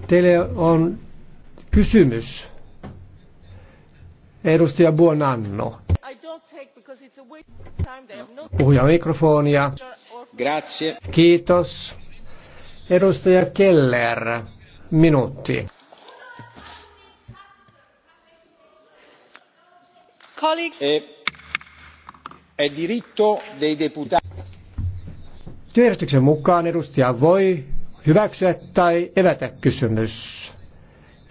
Teille on kysymys. Edustaja Buonanno. No Puhuja mikrofonia. Grazie. Kiitos. Edustaja Keller, minuutti. Colleagues. Eh, è diritto dei deputati Työjärjestyksen mukaan edustaja voi hyväksyä tai evätä kysymys.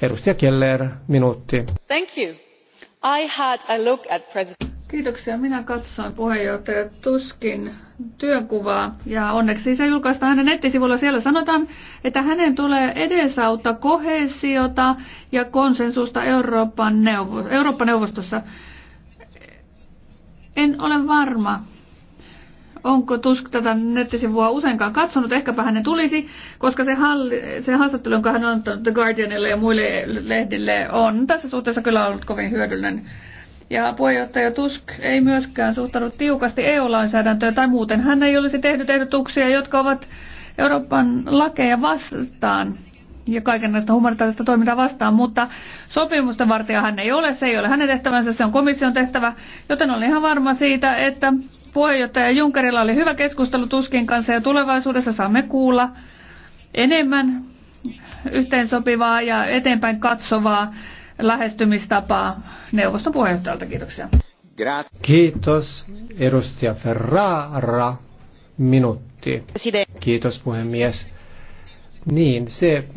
Edustaja Keller, minuutti. Thank you. I had a look at president... Kiitoksia. Minä katsoin puheenjohtaja Tuskin työnkuvaa ja onneksi se julkaistaan hänen nettisivulla. Siellä sanotaan, että hänen tulee edesauttaa kohesiota ja konsensusta Euroopan neuvostossa. Eurooppa-neuvostossa. En ole varma, onko Tusk tätä nettisivua useinkaan katsonut, ehkäpä hänen tulisi, koska se, halli, se haastattelu, jonka hän on antanut The Guardianille ja muille lehdille, on tässä suhteessa kyllä ollut kovin hyödyllinen. Ja puheenjohtaja Tusk ei myöskään suhtanut tiukasti EU-lainsäädäntöön tai muuten. Hän ei olisi tehnyt ehdotuksia, jotka ovat Euroopan lakeja vastaan ja kaiken näistä humanitaarista toimintaa vastaan, mutta sopimusten vartija hän ei ole, se ei ole hänen tehtävänsä, se on komission tehtävä, joten olen ihan varma siitä, että puheenjohtaja Junckerilla oli hyvä keskustelu Tuskin kanssa ja tulevaisuudessa saamme kuulla enemmän yhteensopivaa ja eteenpäin katsovaa lähestymistapaa neuvoston puheenjohtajalta. Kiitoksia. Kiitos edustaja Ferrara. Minuutti. Kiitos puhemies. Niin, se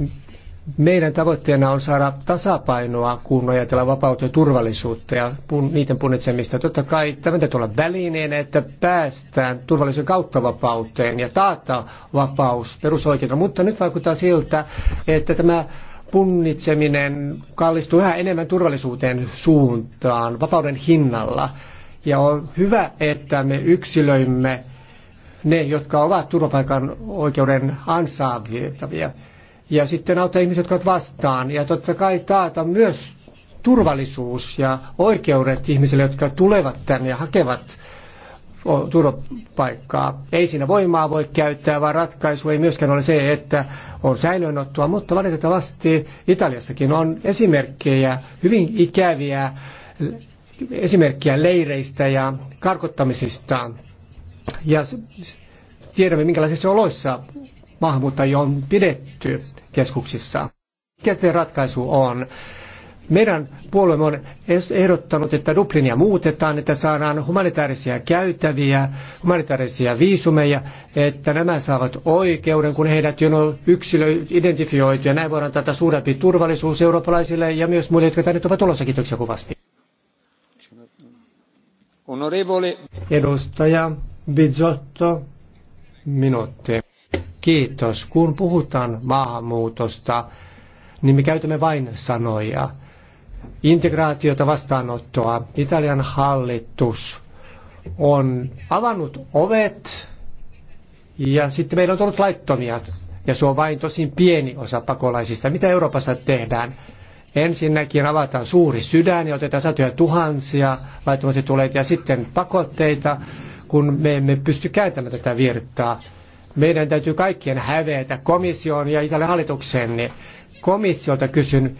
meidän tavoitteena on saada tasapainoa, kun ajatellaan vapautta ja turvallisuutta ja niiden punitsemista. Totta kai tämä täytyy olla välineenä, että päästään turvallisuuden kautta vapauteen ja taata vapaus perusoikeutena. Mutta nyt vaikuttaa siltä, että tämä punnitseminen kallistuu yhä enemmän turvallisuuteen suuntaan vapauden hinnalla. Ja on hyvä, että me yksilöimme ne, jotka ovat turvapaikan oikeuden ansaavittavia ja sitten auttaa ihmisiä, jotka ovat vastaan. Ja totta kai taata myös turvallisuus ja oikeudet ihmisille, jotka tulevat tänne ja hakevat turvapaikkaa. Ei siinä voimaa voi käyttää, vaan ratkaisu ei myöskään ole se, että on säilöönottoa, mutta valitettavasti Italiassakin on esimerkkejä, hyvin ikäviä esimerkkejä leireistä ja karkottamisista. Ja tiedämme, minkälaisissa oloissa maahanmuuttajia on pidetty keskuksissa. Mikä ratkaisu on? Meidän puolueemme on ehdottanut, että Dublinia muutetaan, että saadaan humanitaarisia käytäviä, humanitaarisia viisumeja, että nämä saavat oikeuden, kun heidät jo yksilö identifioitu, ja näin voidaan tätä suurempi turvallisuus eurooppalaisille ja myös muille, jotka tänne ovat tulossa. Kiitoksia kovasti. Onorevole. Edustaja Bizzotto, minuutti kiitos. Kun puhutaan maahanmuutosta, niin me käytämme vain sanoja. Integraatiota vastaanottoa. Italian hallitus on avannut ovet ja sitten meillä on tullut laittomia. Ja se on vain tosin pieni osa pakolaisista. Mitä Euroopassa tehdään? Ensinnäkin avataan suuri sydän ja otetaan satoja tuhansia laittomasti tulee ja sitten pakotteita, kun me emme pysty kääntämään tätä virtaa. Meidän täytyy kaikkien hävetä komission ja hallitukseen, niin Komissiolta kysyn,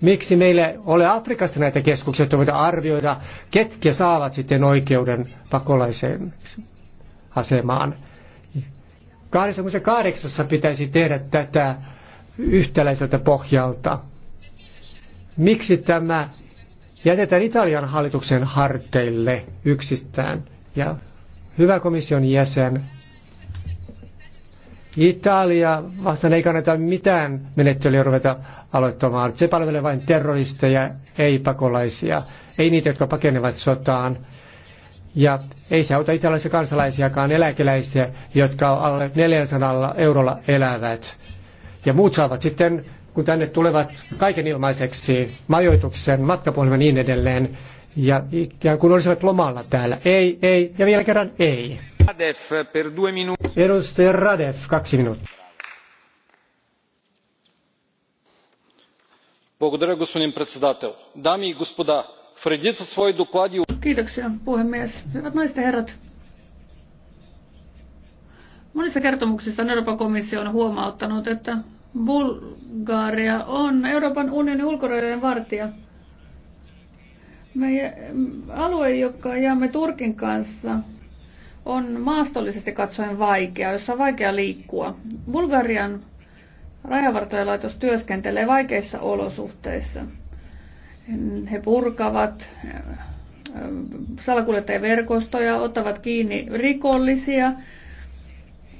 miksi meille ole Afrikassa näitä keskuksia, että voidaan arvioida, ketkä saavat sitten oikeuden pakolaiseen asemaan. 28. pitäisi tehdä tätä yhtäläiseltä pohjalta. Miksi tämä jätetään Italian hallituksen harteille yksistään? Ja hyvä komission jäsen, Italia vastaan ei kannata mitään menettelyä ruveta aloittamaan. Se palvelee vain terroristeja, ei pakolaisia, ei niitä, jotka pakenevat sotaan. Ja ei se auta italaisia kansalaisiakaan eläkeläisiä, jotka alle 400 eurolla elävät. Ja muut saavat sitten, kun tänne tulevat kaiken ilmaiseksi, majoituksen, matkapuhelimen niin edelleen, ja ikään kuin olisivat lomalla täällä. Ei, ei ja vielä kerran ei arvoisa Radev, puhemies. Hyvät naiset ja herrat. Monissa kertomuksissa on Euroopan komissio on huomauttanut, että Bulgaria on Euroopan unionin ulkorajojen vartija. Meidän mm, alue, joka jaamme Turkin kanssa, on maastollisesti katsoen vaikea, jossa on vaikea liikkua. Bulgarian rajavartiolaitos työskentelee vaikeissa olosuhteissa. He purkavat eh, salakuljettajaverkostoja, ottavat kiinni rikollisia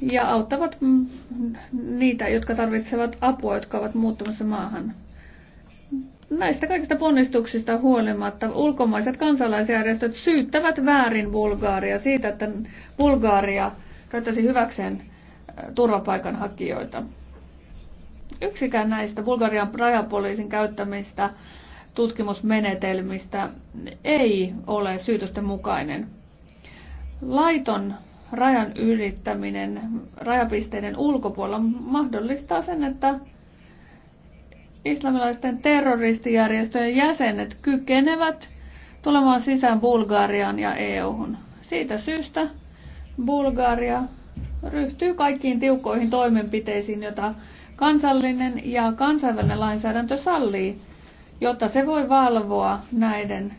ja auttavat niitä, jotka tarvitsevat apua, jotka ovat muuttamassa maahan. Näistä kaikista ponnistuksista huolimatta ulkomaiset kansalaisjärjestöt syyttävät väärin Bulgaaria siitä, että Bulgaaria käyttäisi hyväkseen äh, turvapaikanhakijoita. Yksikään näistä Bulgarian rajapoliisin käyttämistä tutkimusmenetelmistä ei ole syytösten mukainen. Laiton rajan ylittäminen rajapisteiden ulkopuolella mahdollistaa sen, että islamilaisten terroristijärjestöjen jäsenet kykenevät tulemaan sisään Bulgariaan ja EUhun. Siitä syystä Bulgaria ryhtyy kaikkiin tiukkoihin toimenpiteisiin, joita kansallinen ja kansainvälinen lainsäädäntö sallii, jotta se voi valvoa näiden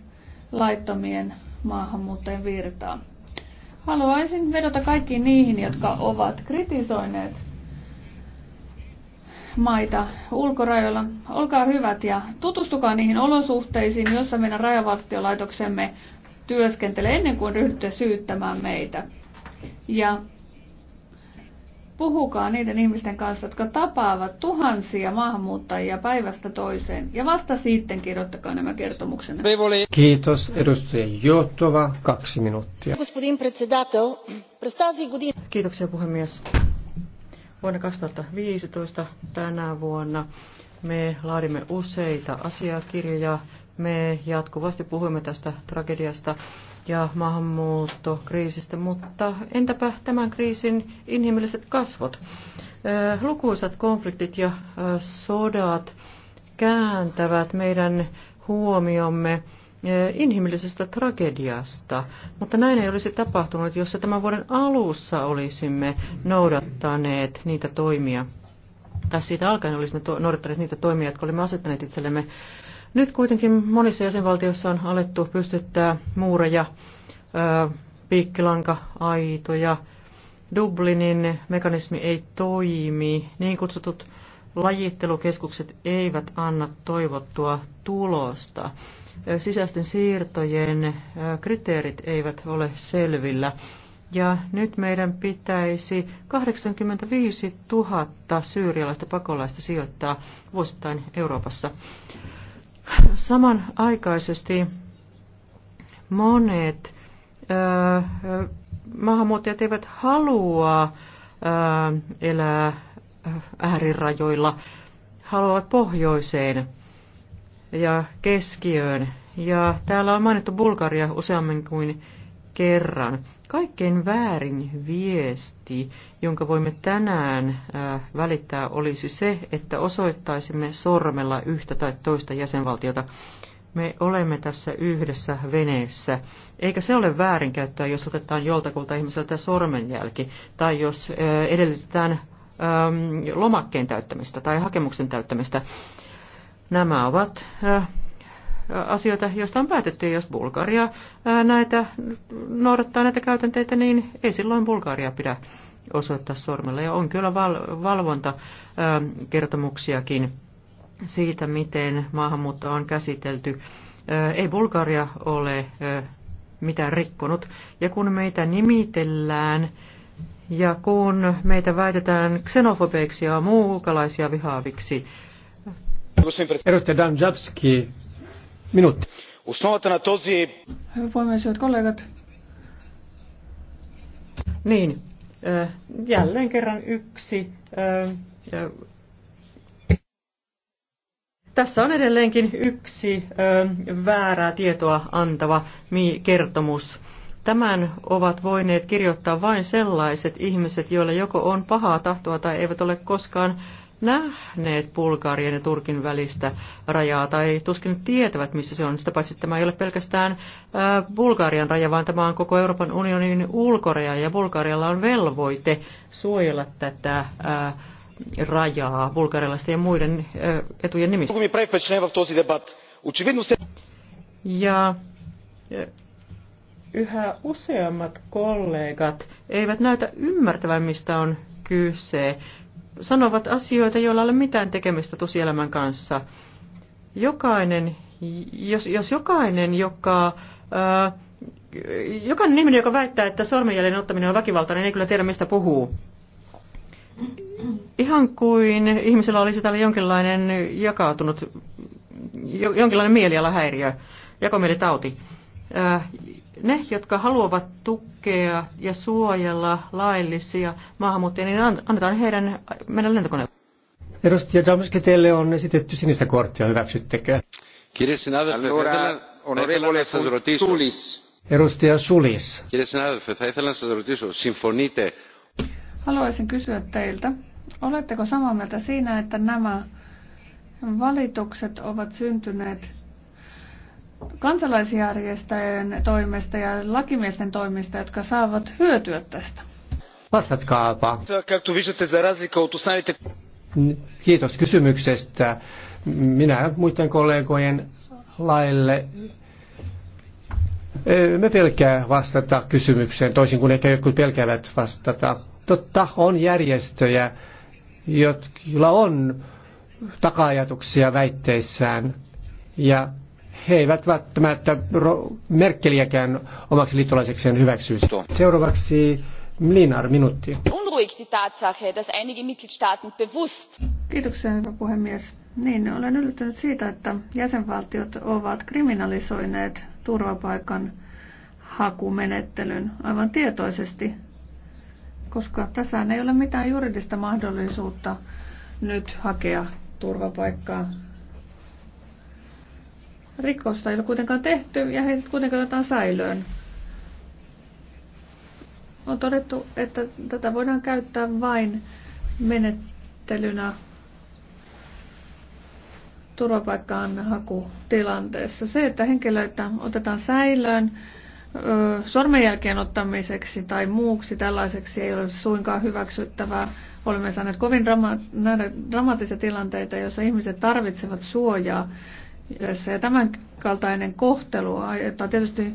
laittomien maahanmuuttajien virtaa. Haluaisin vedota kaikkiin niihin, jotka ovat kritisoineet maita ulkorajoilla. Olkaa hyvät ja tutustukaa niihin olosuhteisiin, joissa meidän rajavartiolaitoksemme työskentelee ennen kuin ryhdytte syyttämään meitä. Ja puhukaa niiden ihmisten kanssa, jotka tapaavat tuhansia maahanmuuttajia päivästä toiseen. Ja vasta sitten kirjoittakaa nämä kertomuksenne. Kiitos edustaja Jotova, kaksi minuuttia. Kiitoksia puhemies. Vuonna 2015 tänä vuonna me laadimme useita asiakirjoja. Me jatkuvasti puhuimme tästä tragediasta ja maahanmuuttokriisistä, mutta entäpä tämän kriisin inhimilliset kasvot? Lukuisat konfliktit ja sodat kääntävät meidän huomiomme Eh, inhimillisestä tragediasta, mutta näin ei olisi tapahtunut, jos tämän vuoden alussa olisimme noudattaneet niitä toimia, tai siitä alkaen olisimme noudattaneet niitä toimia, jotka olimme asettaneet itsellemme. Nyt kuitenkin monissa jäsenvaltioissa on alettu pystyttää muureja, eh, piikkilanka-aitoja, Dublinin mekanismi ei toimi, niin kutsutut lajittelukeskukset eivät anna toivottua tulosta sisäisten siirtojen kriteerit eivät ole selvillä. Ja nyt meidän pitäisi 85 000 syyrialaista pakolaista sijoittaa vuosittain Euroopassa. Samanaikaisesti monet ö, maahanmuuttajat eivät halua ö, elää äärirajoilla, haluavat pohjoiseen ja keskiöön. Ja täällä on mainittu Bulgaria useammin kuin kerran. Kaikkein väärin viesti, jonka voimme tänään äh, välittää, olisi se, että osoittaisimme sormella yhtä tai toista jäsenvaltiota. Me olemme tässä yhdessä veneessä. Eikä se ole väärinkäyttöä, jos otetaan joltakulta ihmiseltä sormenjälki, tai jos äh, edellytetään ähm, lomakkeen täyttämistä tai hakemuksen täyttämistä. Nämä ovat asioita, joista on päätetty. Jos Bulgaria näitä, noudattaa näitä käytänteitä, niin ei silloin Bulgaria pidä osoittaa sormella. Ja on kyllä val- valvontakertomuksiakin siitä, miten maahanmuuttoa on käsitelty. Ei Bulgaria ole mitään rikkonut. Ja kun meitä nimitellään ja kun meitä väitetään xenofobeiksi ja muukalaisia vihaaviksi, Edustaja Dan Jabski, minuutti. Hyvä puhemies, hyvät kollegat. Niin, äh, jälleen kerran yksi. Äh, Tässä on edelleenkin yksi äh, väärää tietoa antava kertomus. Tämän ovat voineet kirjoittaa vain sellaiset ihmiset, joilla joko on pahaa tahtoa tai eivät ole koskaan nähneet Bulgarian ja Turkin välistä rajaa tai tuskin tietävät, missä se on. Sitä paitsi tämä ei ole pelkästään Bulgarian raja, vaan tämä on koko Euroopan unionin ulkoraja ja Bulgarialla on velvoite suojella tätä rajaa bulgarialaisten ja muiden etujen nimissä. Ja yhä useammat kollegat eivät näytä ymmärtävän, mistä on kyse sanovat asioita, joilla ei ole mitään tekemistä tosielämän kanssa. Jokainen, jos, jos jokainen, joka, ää, äh, jokainen ihminen, joka väittää, että sormenjäljen ottaminen on väkivaltainen, niin ei kyllä tiedä, mistä puhuu. Ihan kuin ihmisellä olisi täällä jonkinlainen jakautunut, jonkinlainen mielialahäiriö, jakomielitauti. Ää, äh, ne, jotka haluavat tukea ja suojella laillisia maahanmuuttajia, niin annetaan heidän mennä lentokoneelle. Edustaja Damski, teille on esitetty sinistä korttia, hyväksyttekö? Edustaja Sulis. Haluaisin kysyä teiltä, oletteko samaa mieltä siinä, että nämä valitukset ovat syntyneet kansalaisjärjestöjen toimesta ja lakimiesten toimesta, jotka saavat hyötyä tästä? Vastatkaapa. Kiitos kysymyksestä. Minä muiden kollegojen laille me pelkää vastata kysymykseen, toisin kuin ehkä jotkut pelkäävät vastata. Totta, on järjestöjä, joilla on taka-ajatuksia väitteissään. Ja he eivät välttämättä Merkeliäkään omaksi liittolaisekseen hyväksyisi. Seuraavaksi Linar, minuutti. Kiitoksia, hyvä puhemies. Niin, olen yllättynyt siitä, että jäsenvaltiot ovat kriminalisoineet turvapaikan hakumenettelyn aivan tietoisesti, koska tässä ei ole mitään juridista mahdollisuutta nyt hakea turvapaikkaa Rikosta ei ole kuitenkaan tehty ja heidät kuitenkin otetaan säilöön. On todettu, että tätä voidaan käyttää vain menettelynä turvapaikkaan hakutilanteessa. Se, että henkilöitä otetaan säilöön ö, ottamiseksi tai muuksi tällaiseksi ei ole suinkaan hyväksyttävää. Olemme saaneet kovin drama- nähdä dramaattisia tilanteita, joissa ihmiset tarvitsevat suojaa ja tämän kaltainen kohtelu aiheuttaa tietysti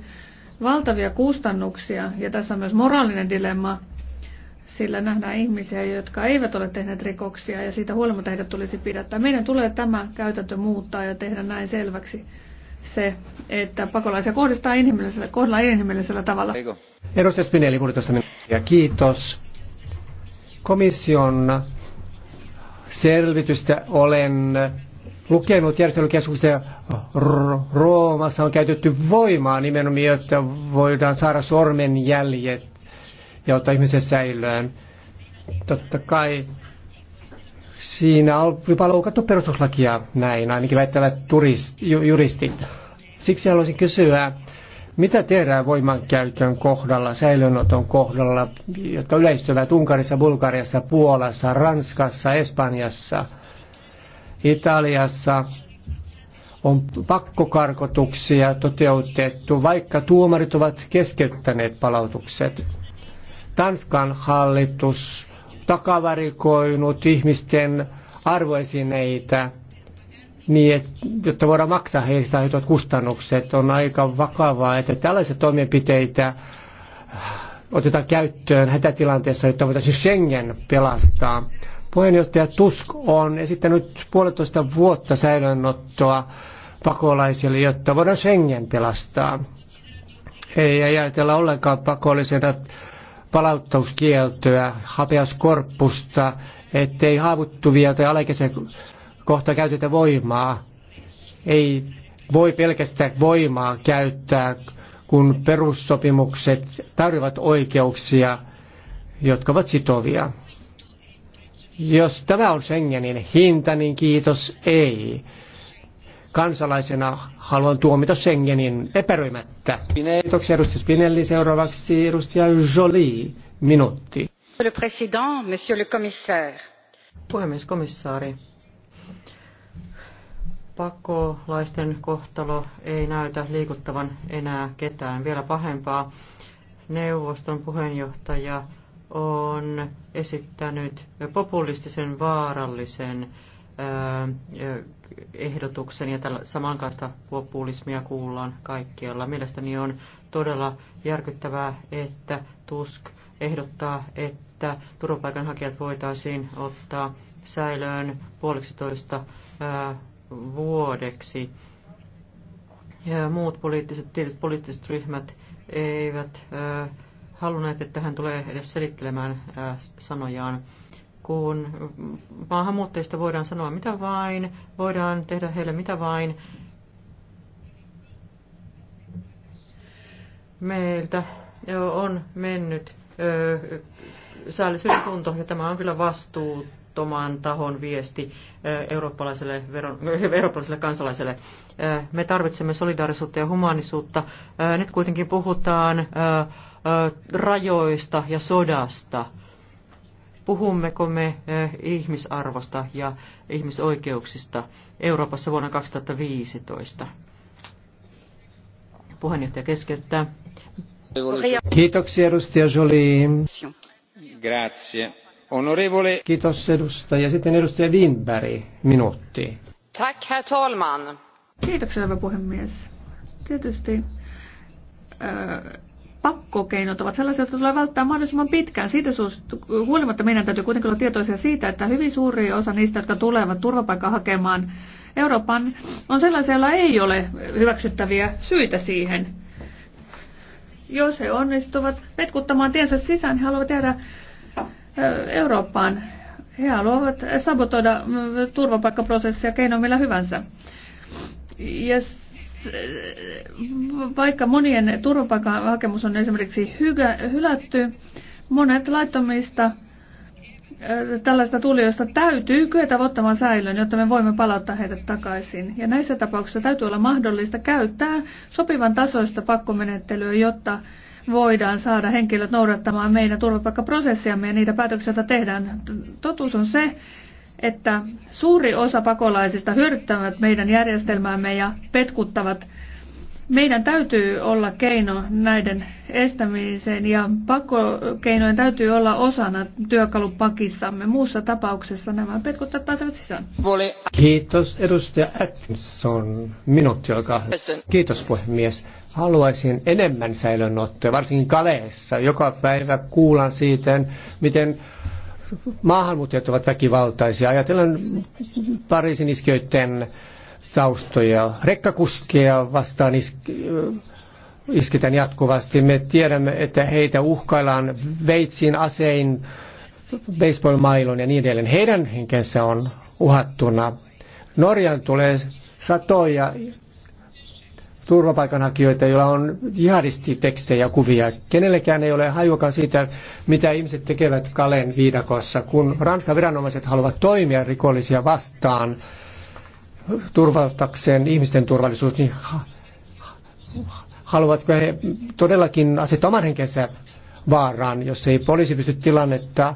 valtavia kustannuksia ja tässä on myös moraalinen dilemma, sillä nähdään ihmisiä, jotka eivät ole tehneet rikoksia ja siitä huolimatta heidät tulisi pidättää. Meidän tulee tämä käytäntö muuttaa ja tehdä näin selväksi se, että pakolaisia kohdistaa inhimillisellä, kohdellaan inhimillisellä tavalla. Edustaja Spinelli, ja Kiitos. Komission selvitystä olen lukenut järjestelykeskuksesta Roomassa on käytetty voimaa nimenomaan, jotta voidaan saada sormenjäljet ja ottaa ihmisen säilöön. Totta kai siinä on jopa loukattu perustuslakia näin, ainakin väittävät turist, juristit. Siksi haluaisin kysyä, mitä tehdään voimankäytön kohdalla, säilönoton kohdalla, jotka yleistyvät Unkarissa, Bulgariassa, Puolassa, Ranskassa, Espanjassa – Italiassa on pakkokarkotuksia toteutettu, vaikka tuomarit ovat keskeyttäneet palautukset. Tanskan hallitus takavarikoinut ihmisten arvoesineitä niin, että, jotta voidaan maksaa heistä aiheutuvat kustannukset. On aika vakavaa, että tällaisia toimenpiteitä äh, otetaan käyttöön hätätilanteessa, jotta voitaisiin Schengen pelastaa. Puheenjohtaja Tusk on esittänyt puolitoista vuotta säilönottoa pakolaisille, jotta voidaan Schengen pelastaa. Ei ajatella ollenkaan pakollisena palauttauskieltoä, hapeaskorppusta, ettei haavuttuvia tai alaikäisiä kohta käytetä voimaa. Ei voi pelkästään voimaa käyttää, kun perussopimukset tarjoavat oikeuksia, jotka ovat sitovia. Jos tämä on Schengenin hinta, niin kiitos ei. Kansalaisena haluan tuomita Schengenin epäröimättä. Kiitoksia edustaja Spinelli. Seuraavaksi edustaja Jolie. Minuutti. Le président, monsieur le commissaire. Puhemies, komissaari pakolaisten kohtalo ei näytä liikuttavan enää ketään. Vielä pahempaa, neuvoston puheenjohtaja on esittänyt populistisen vaarallisen ehdotuksen ja tällä samankaista populismia kuullaan kaikkialla. Mielestäni on todella järkyttävää, että Tusk ehdottaa, että turvapaikanhakijat voitaisiin ottaa säilöön puoliksitoista vuodeksi. Ja muut poliittiset, tietyt poliittiset ryhmät eivät ää, halunneet, että hän tulee edes selittelemään äh, sanojaan. Kun maahanmuuttajista voidaan sanoa mitä vain, voidaan tehdä heille mitä vain, meiltä on mennyt säällisyyden tunto, ja tämä on kyllä vastuuttoman tahon viesti eurooppalaiselle, veron, eurooppalaiselle kansalaiselle. Me tarvitsemme solidaarisuutta ja humanisuutta. Nyt kuitenkin puhutaan rajoista ja sodasta? Puhummeko me ihmisarvosta ja ihmisoikeuksista Euroopassa vuonna 2015? Puheenjohtaja keskeyttää. Kiitoksia edustaja Jolie. Grazie. Onorevole... Kiitos edustaja. Sitten edustaja Winberg, minuutti. Tack, herr talman. Kiitoksia, hyvä puhemies. Tietysti äh, pakkokeinot ovat sellaisia, joita tulee välttää mahdollisimman pitkään. Siitä huolimatta meidän täytyy kuitenkin olla tietoisia siitä, että hyvin suuri osa niistä, jotka tulevat turvapaikkaa hakemaan Euroopan, on sellaisia, joilla ei ole hyväksyttäviä syitä siihen. Jos he onnistuvat vetkuttamaan tiensä sisään, he haluavat jäädä Eurooppaan. He haluavat sabotoida turvapaikkaprosessia keinoin millä hyvänsä. Ja vaikka monien turvapaikkahakemus on esimerkiksi hylätty, monet laittomista tällaista tulijoista täytyy kyetä ottamaan säilön, jotta me voimme palauttaa heidät takaisin. Ja näissä tapauksissa täytyy olla mahdollista käyttää sopivan tasoista pakkomenettelyä, jotta voidaan saada henkilöt noudattamaan meidän turvapaikkaprosessiamme ja niitä päätöksiä, joita tehdään. Totuus on se, että suuri osa pakolaisista hyödyttävät meidän järjestelmäämme ja petkuttavat. Meidän täytyy olla keino näiden estämiseen ja pakokeinojen täytyy olla osana työkalupakissamme. Muussa tapauksessa nämä petkuttajat pääsevät sisään. Kiitos edustaja Atkinson. Minuutti olkaa hyvä. Kiitos puhemies. Haluaisin enemmän säilönottoja, varsinkin Kaleessa. Joka päivä kuulan siitä, miten maahanmuuttajat ovat väkivaltaisia. Ajatellaan Pariisin iskiöiden taustoja. Rekkakuskeja vastaan isk- isketään jatkuvasti. Me tiedämme, että heitä uhkaillaan veitsiin, asein, baseball-mailon ja niin edelleen. Heidän henkensä on uhattuna. Norjan tulee satoja turvapaikanhakijoita, joilla on jihadistitekstejä ja kuvia. Kenellekään ei ole hajuakaan siitä, mitä ihmiset tekevät Kalen viidakossa, kun Ranskan viranomaiset haluavat toimia rikollisia vastaan turvatakseen ihmisten turvallisuus, niin haluavatko he todellakin asettaa oman henkensä vaaraan, jos ei poliisi pysty tilannetta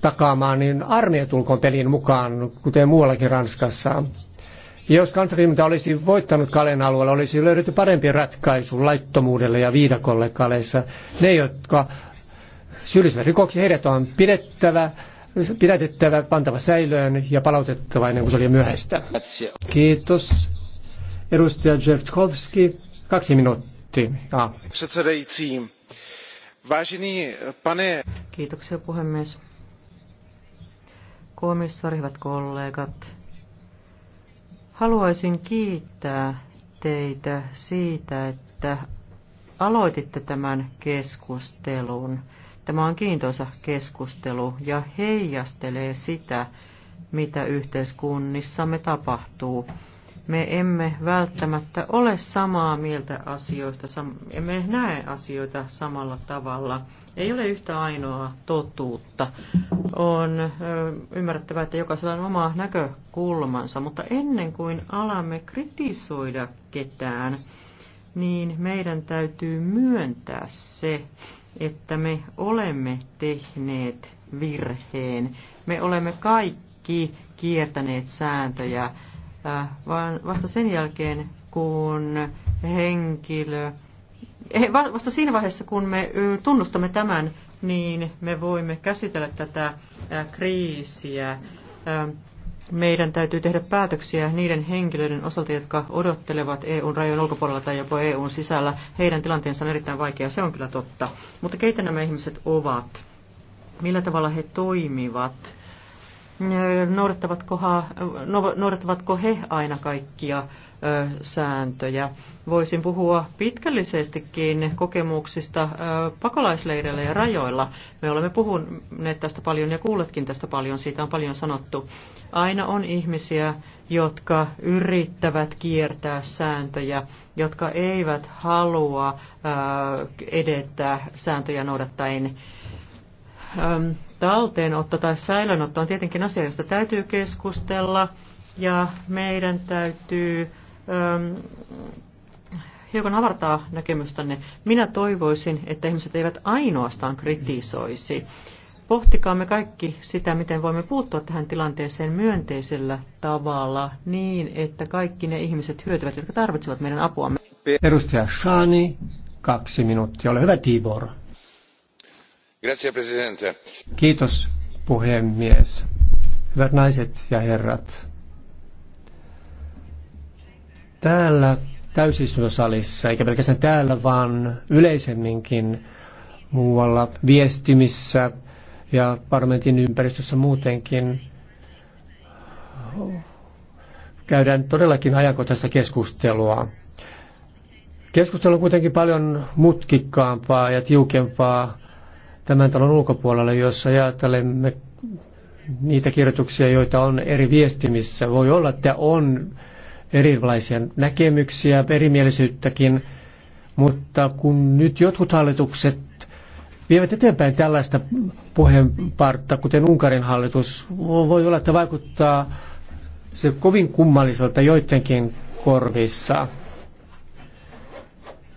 takaamaan, niin armeija tulkoon mukaan, kuten muuallakin Ranskassa. Jos kansakunta olisi voittanut Kalen alueella, olisi löydetty parempi ratkaisu laittomuudelle ja viidakolle Kaleissa. Ne, jotka syyllistyvät rikoksiin, heidät on pidettävä, pidätettävä, pantava säilöön ja palautettava ennen kuin se oli myöhäistä. Kiitos. Edustaja Jevtkovski, kaksi minuuttia. Ah. Kiitoksia puhemies. Komissaari, hyvät kollegat, Haluaisin kiittää teitä siitä, että aloititte tämän keskustelun. Tämä on kiintoisa keskustelu ja heijastelee sitä, mitä yhteiskunnissamme tapahtuu. Me emme välttämättä ole samaa mieltä asioista, emme näe asioita samalla tavalla ei ole yhtä ainoaa totuutta. On ymmärrettävää, että jokaisella on oma näkökulmansa, mutta ennen kuin alamme kritisoida ketään, niin meidän täytyy myöntää se, että me olemme tehneet virheen. Me olemme kaikki kiertäneet sääntöjä, vaan vasta sen jälkeen, kun henkilö Vasta siinä vaiheessa, kun me tunnustamme tämän, niin me voimme käsitellä tätä kriisiä. Meidän täytyy tehdä päätöksiä niiden henkilöiden osalta, jotka odottelevat EUn rajojen ulkopuolella tai jopa EUn sisällä. Heidän tilanteensa on erittäin vaikea, se on kyllä totta. Mutta keitä nämä ihmiset ovat? Millä tavalla he toimivat? No, noudattavatko he aina kaikkia sääntöjä. Voisin puhua pitkällisestikin kokemuksista pakolaisleireillä ja rajoilla. Me olemme puhuneet tästä paljon ja kuulletkin tästä paljon, siitä on paljon sanottu. Aina on ihmisiä, jotka yrittävät kiertää sääntöjä, jotka eivät halua edetä sääntöjä noudattaen Talteenotto tai säilönotto on tietenkin asia, josta täytyy keskustella ja meidän täytyy äm, hiukan avartaa näkemystänne. Minä toivoisin, että ihmiset eivät ainoastaan kritisoisi. Pohtikaamme kaikki sitä, miten voimme puuttua tähän tilanteeseen myönteisellä tavalla niin, että kaikki ne ihmiset hyötyvät, jotka tarvitsevat meidän apuamme. Edustaja Shani, kaksi minuuttia. Ole hyvä, Tibor. Kiitos, puhemies. Hyvät naiset ja herrat. Täällä täysistuntosalissa, eikä pelkästään täällä, vaan yleisemminkin muualla viestimissä ja parlamentin ympäristössä muutenkin käydään todellakin ajankohtaista keskustelua. Keskustelu on kuitenkin paljon mutkikkaampaa ja tiukempaa tämän talon ulkopuolelle, jos ajattelemme niitä kirjoituksia, joita on eri viestimissä. Voi olla, että on erilaisia näkemyksiä, erimielisyyttäkin, mutta kun nyt jotkut hallitukset vievät eteenpäin tällaista puheenpartta, kuten Unkarin hallitus, voi olla, että vaikuttaa se kovin kummalliselta joidenkin korvissa.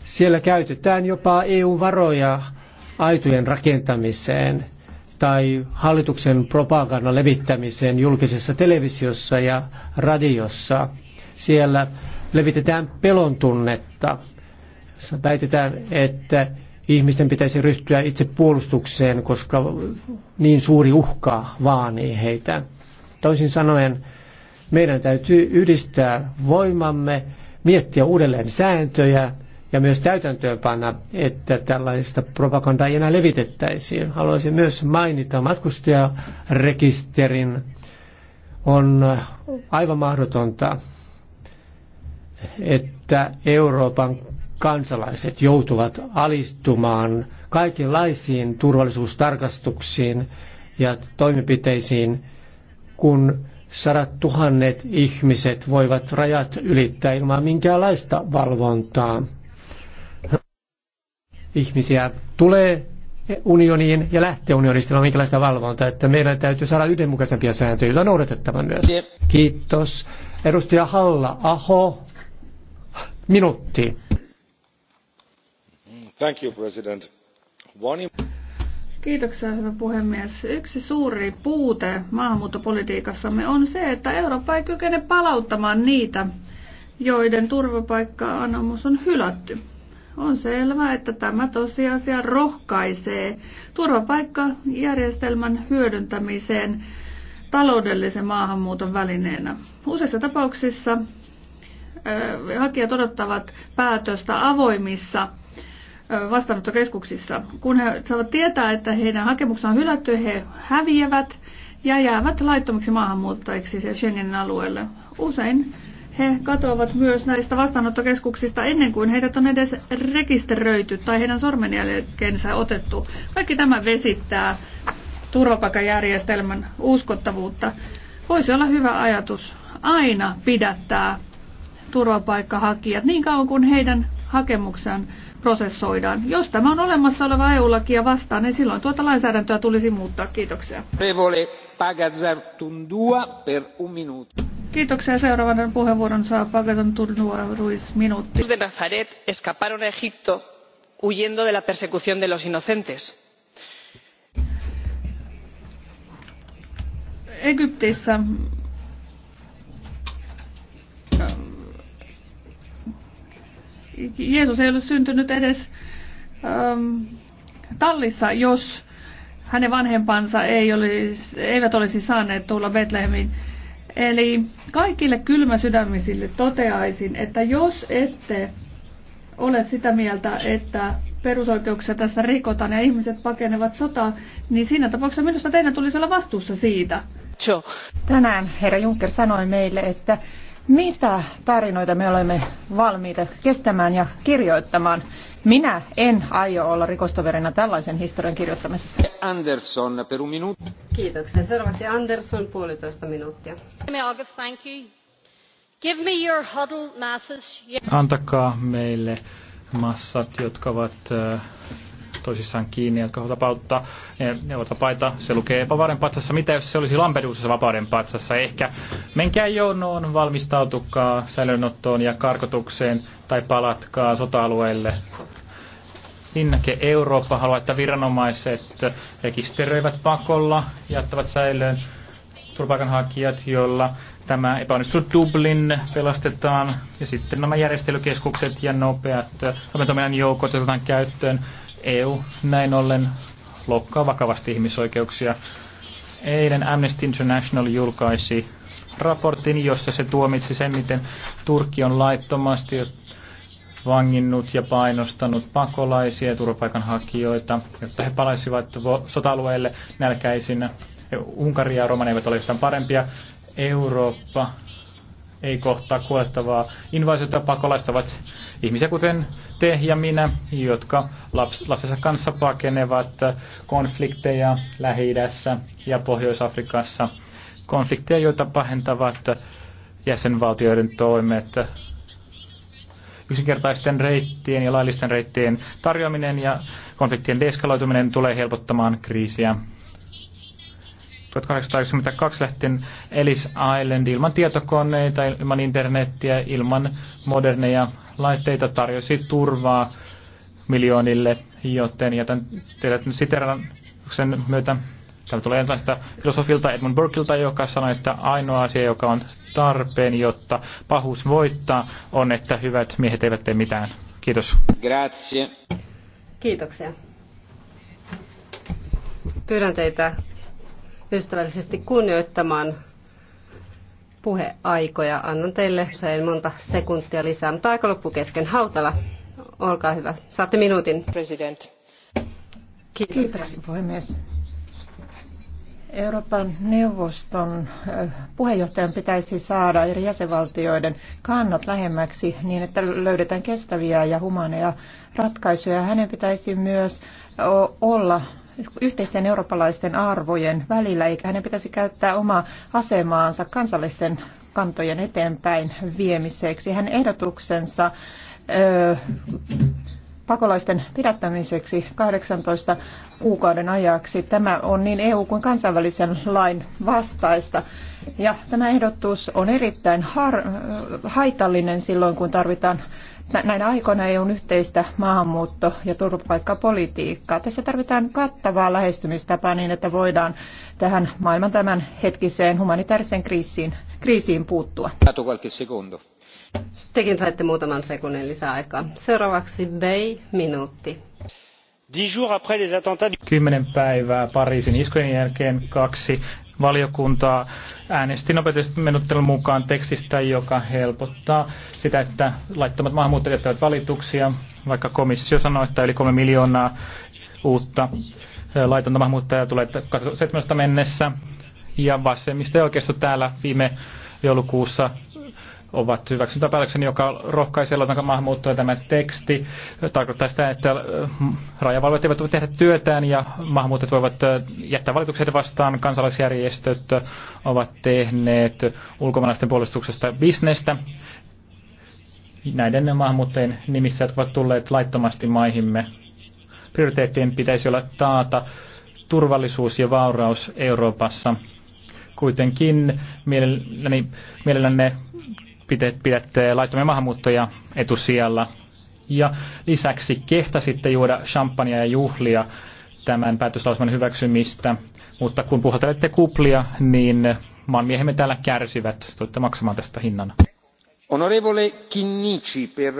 Siellä käytetään jopa EU-varoja aitojen rakentamiseen tai hallituksen propagandan levittämiseen julkisessa televisiossa ja radiossa. Siellä levitetään pelon tunnetta. Väitetään, että ihmisten pitäisi ryhtyä itse puolustukseen, koska niin suuri uhka vaanii heitä. Toisin sanoen, meidän täytyy yhdistää voimamme, miettiä uudelleen sääntöjä ja myös täytäntöönpanna, että tällaista propagandaa ei enää levitettäisiin. Haluaisin myös mainita matkustajarekisterin. On aivan mahdotonta, että Euroopan kansalaiset joutuvat alistumaan kaikenlaisiin turvallisuustarkastuksiin ja toimenpiteisiin, kun sadat tuhannet ihmiset voivat rajat ylittää ilman minkäänlaista valvontaa ihmisiä tulee unioniin ja lähtee unionista, on minkälaista valvontaa, että meidän täytyy saada yhdenmukaisempia sääntöjä, joita noudatettava myös. Kiitos. Edustaja Halla Aho, minuutti. Thank you, President. One... Kiitoksia, hyvä puhemies. Yksi suuri puute maahanmuuttopolitiikassamme on se, että Eurooppa ei kykene palauttamaan niitä, joiden turvapaikka-anomus on hylätty. On selvää, että tämä tosiasia rohkaisee turvapaikkajärjestelmän hyödyntämiseen taloudellisen maahanmuuton välineenä. Useissa tapauksissa ö, hakijat odottavat päätöstä avoimissa vastaanottokeskuksissa. Kun he saavat tietää, että heidän hakemuksensa on hylätty, he häviävät ja jäävät laittomiksi maahanmuuttajiksi Schengenin alueelle. Usein he katoavat myös näistä vastaanottokeskuksista ennen kuin heidät on edes rekisteröity tai heidän sormenjälkeensä otettu. Kaikki tämä vesittää turvapaikajärjestelmän uskottavuutta. Voisi olla hyvä ajatus aina pidättää turvapaikkahakijat niin kauan kuin heidän hakemuksen prosessoidaan. Jos tämä on olemassa oleva EU-lakia vastaan, niin silloin tuota lainsäädäntöä tulisi muuttaa. Kiitoksia. per un Kiitoksia. Seuraavana puheenvuoron saa Pagasan Turnua Ruiz minuutti. de Nazaret escaparon a Egipto huyendo de la persecución de los inocentes. Egyptissä ähm, Jeesus ei ole syntynyt edes ähm, tallissa, jos hänen vanhempansa ei olisi, eivät olisi saaneet tulla Betlehemiin. Eli kaikille kylmäsydämisille toteaisin, että jos ette ole sitä mieltä, että perusoikeuksia tässä rikotaan ja ihmiset pakenevat sotaa, niin siinä tapauksessa minusta teidän tulisi olla vastuussa siitä. Tänään herra Juncker sanoi meille, että mitä tarinoita me olemme valmiita kestämään ja kirjoittamaan. Minä en aio olla rikostoverina tällaisen historian kirjoittamisessa. Anderson, per un minuutti. Kiitoksia. Seuraavaksi Anderson, puolitoista minuuttia. Give me your huddled masses. Antakaa meille massat, jotka ovat äh, toisissaan kiinni, jotka ovat vapautta, ne, ne ovat vapaita. Se lukee vapauden patsassa. Mitä jos se olisi Lampedusassa vapauden patsassa? Ehkä menkää jonoon, valmistautukaa säilönottoon ja karkotukseen tai palatkaa sota-alueelle. Linnake Eurooppa haluaa, että viranomaiset rekisteröivät pakolla, jättävät säilöön turvapaikanhakijat, joilla tämä epäonnistunut Dublin pelastetaan ja sitten nämä järjestelykeskukset ja nopeat toimintaminen joukot otetaan käyttöön EU näin ollen loukkaa vakavasti ihmisoikeuksia. Eilen Amnesty International julkaisi raportin, jossa se tuomitsi sen, miten Turkki on laittomasti vanginnut ja painostanut pakolaisia ja turvapaikanhakijoita, jotta he palaisivat sota-alueelle nälkäisinä. Unkaria ja Romani eivät ole jostain parempia. Eurooppa ei kohtaa kuolettavaa invasiota pakolaista, ovat ihmisiä kuten te ja minä, jotka laps, lapsensa kanssa pakenevat konflikteja lähi ja Pohjois-Afrikassa. Konflikteja, joita pahentavat jäsenvaltioiden toimet. Yksinkertaisten reittien ja laillisten reittien tarjoaminen ja konfliktien deskaloituminen tulee helpottamaan kriisiä. 1892 lähtien Ellis Island ilman tietokoneita, ilman internettiä, ilman moderneja laitteita tarjosi turvaa miljoonille, joten jätän teidät nyt myötä. tämä tulee tällaista filosofilta Edmund Burkilta, joka sanoi, että ainoa asia, joka on tarpeen, jotta pahuus voittaa, on, että hyvät miehet eivät tee mitään. Kiitos. Grazie. Kiitoksia. Pyydän teitä ystävällisesti kunnioittamaan puheaikoja. Annan teille usein monta sekuntia lisää, mutta aika loppu kesken. Hautala, olkaa hyvä. Saatte minuutin. President. Kiitos. Kiitos puhemies. Euroopan neuvoston äh, puheenjohtajan pitäisi saada eri jäsenvaltioiden kannat lähemmäksi niin, että löydetään kestäviä ja humaneja ratkaisuja. Hänen pitäisi myös olla yhteisten eurooppalaisten arvojen välillä, eikä hänen pitäisi käyttää omaa asemaansa kansallisten kantojen eteenpäin viemiseksi. Hän ehdotuksensa ö, pakolaisten pidättämiseksi 18 kuukauden ajaksi. Tämä on niin EU- kuin kansainvälisen lain vastaista. Ja tämä ehdotus on erittäin haitallinen silloin, kun tarvitaan näinä aikoina EUn yhteistä maahanmuutto- ja turvapaikkapolitiikkaa. Tässä tarvitaan kattavaa lähestymistapaa niin, että voidaan tähän maailman tämän hetkiseen humanitaariseen kriisiin, kriisiin puuttua. Tekin saitte muutaman sekunnin lisää aikaa. Seuraavaksi Bay, minuutti. Kymmenen päivää Pariisin iskujen jälkeen kaksi valiokuntaa äänesti nopeasti menottelun mukaan tekstistä, joka helpottaa sitä, että laittomat maahanmuuttajat ovat valituksia, vaikka komissio sanoi, että yli kolme miljoonaa uutta laitonta maahanmuuttajaa tulee 2017 mennessä. Ja vasemmista ja oikeastaan täällä viime joulukuussa ovat hyväksyntäpäätöksen, joka rohkaisee laitonta maahanmuuttoa. Tämä teksti tarkoittaa sitä, että äh, rajavalvojat eivät voi tehdä työtään ja maahanmuuttajat voivat äh, jättää valitukset vastaan. Kansalaisjärjestöt ovat tehneet ulkomaalaisten puolustuksesta bisnestä näiden maahanmuuttajien nimissä, jotka ovat tulleet laittomasti maihimme. Prioriteettien pitäisi olla taata turvallisuus ja vauraus Euroopassa. Kuitenkin mielelläni, mielelläni pidätte laittomia maahanmuuttoja etusijalla. Ja lisäksi kehtasitte juoda champagnea ja juhlia tämän päätöslauselman hyväksymistä, mutta kun puhaltelette kuplia, niin maanmiehemme täällä kärsivät. Tulette maksamaan tästä hinnan. Onorevole Kinnici per...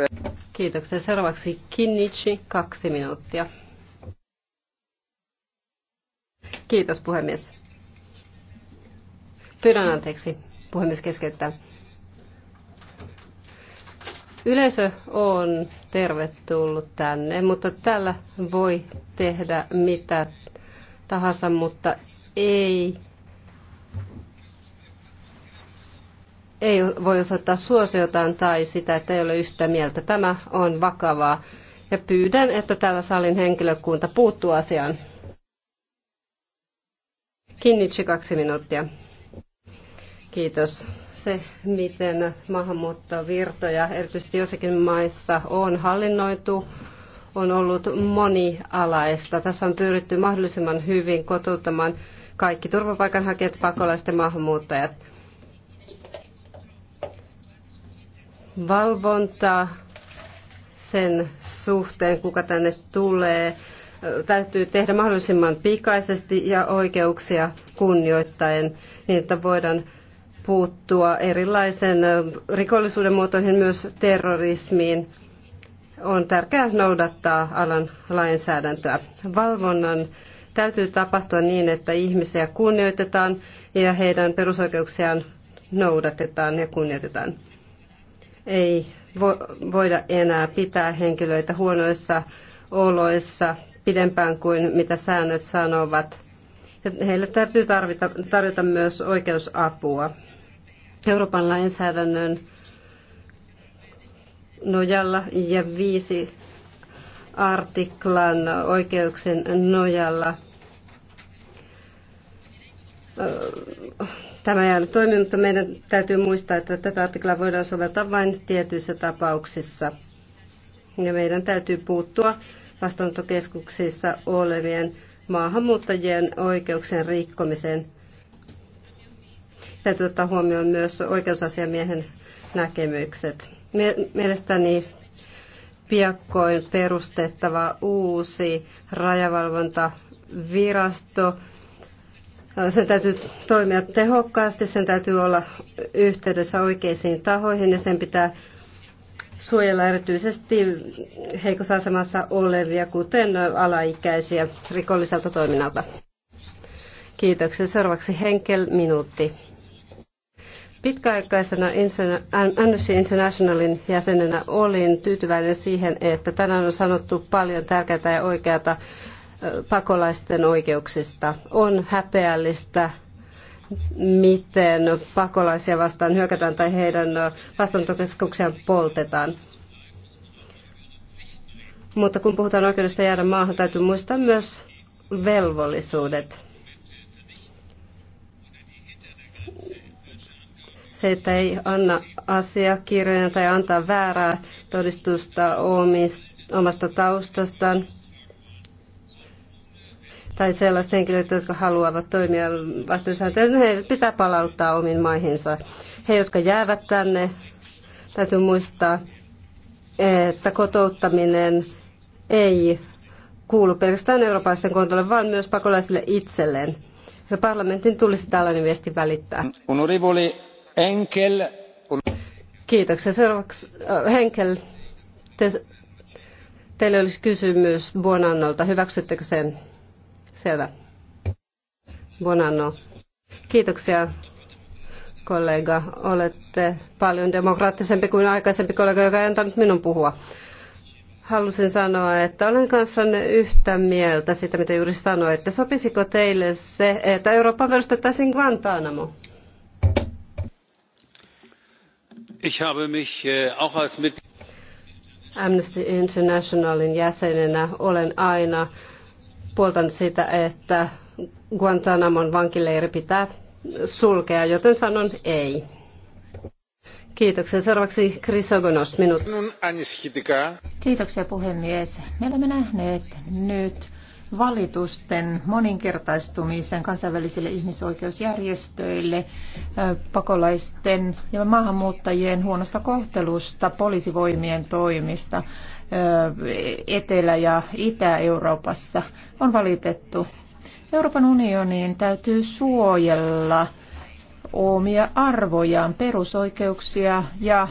Kiitoksia. Seuraavaksi Kinnici, kaksi minuuttia. Kiitos puhemies. Pyydän anteeksi. Puhemies keskeyttää. Yleisö on tervetullut tänne, mutta tällä voi tehdä mitä tahansa, mutta ei, ei voi osoittaa suosiotaan tai sitä, että ei ole yhtä mieltä. Tämä on vakavaa ja pyydän, että täällä salin henkilökunta puuttuu asiaan. Kinnitsi kaksi minuuttia. Kiitos. Se, miten maahanmuuttovirtoja erityisesti jossakin maissa on hallinnoitu, on ollut monialaista. Tässä on pyritty mahdollisimman hyvin kotouttamaan kaikki turvapaikanhakijat, pakolaiset ja maahanmuuttajat. Valvonta sen suhteen, kuka tänne tulee, täytyy tehdä mahdollisimman pikaisesti ja oikeuksia kunnioittaen, niin että voidaan puuttua erilaisen rikollisuuden muotoihin, myös terrorismiin. On tärkeää noudattaa alan lainsäädäntöä. Valvonnan täytyy tapahtua niin, että ihmisiä kunnioitetaan ja heidän perusoikeuksiaan noudatetaan ja kunnioitetaan. Ei voida enää pitää henkilöitä huonoissa oloissa pidempään kuin mitä säännöt sanovat. Heille täytyy tarvita, tarjota myös oikeusapua. Euroopan lainsäädännön nojalla ja viisi artiklan oikeuksien nojalla. Tämä ei ole toimi, mutta meidän täytyy muistaa, että tätä artiklaa voidaan soveltaa vain tietyissä tapauksissa. Ja meidän täytyy puuttua vastaanottokeskuksissa olevien maahanmuuttajien oikeuksien rikkomiseen. Täytyy ottaa huomioon myös oikeusasiamiehen näkemykset. Mielestäni piakkoin perustettava uusi rajavalvontavirasto. Sen täytyy toimia tehokkaasti, sen täytyy olla yhteydessä oikeisiin tahoihin ja sen pitää suojella erityisesti heikossa asemassa olevia, kuten alaikäisiä rikolliselta toiminnalta. Kiitoksia. Seuraavaksi Henkel, minuutti. Pitkäaikaisena Amnesty Internationalin jäsenenä olin tyytyväinen siihen, että tänään on sanottu paljon tärkeää ja oikeata pakolaisten oikeuksista. On häpeällistä, miten pakolaisia vastaan hyökätään tai heidän vastaanottokeskuksiaan poltetaan. Mutta kun puhutaan oikeudesta jäädä maahan, täytyy muistaa myös velvollisuudet. Se, että ei anna asiakirjoja tai antaa väärää todistusta omasta taustastaan, tai sellaiset henkilöt, jotka haluavat toimia vastensääntöön, heidät pitää palauttaa omiin maihinsa. He, jotka jäävät tänne, täytyy muistaa, että kotouttaminen ei kuulu pelkästään eurooppalaisten kontolle, vaan myös pakolaisille itselleen. Ja parlamentin tulisi tällainen viesti välittää. Kiitoksia. Äh, Henkel, teillä olisi kysymys Buonannolta. Hyväksyttekö sen? Selvä. Buonanno. Kiitoksia kollega. Olette paljon demokraattisempi kuin aikaisempi kollega, joka ei antanut minun puhua. Halusin sanoa, että olen kanssanne yhtä mieltä siitä, mitä juuri sanoitte. Sopisiko teille se, että Euroopan perustettaisiin Guantanamo? Ich habe mich äh, auch als Amnesty Internationalin jäsenenä olen aina puoltanut sitä, että Guantanamon vankileiri pitää sulkea, joten sanon ei. Kiitoksia. Seuraavaksi Krisogonos minut. Kiitoksia puhemies. Me olemme nähneet nyt valitusten moninkertaistumisen kansainvälisille ihmisoikeusjärjestöille pakolaisten ja maahanmuuttajien huonosta kohtelusta poliisivoimien toimista Etelä- ja Itä-Euroopassa on valitettu. Euroopan unionin täytyy suojella omia arvojaan, perusoikeuksia ja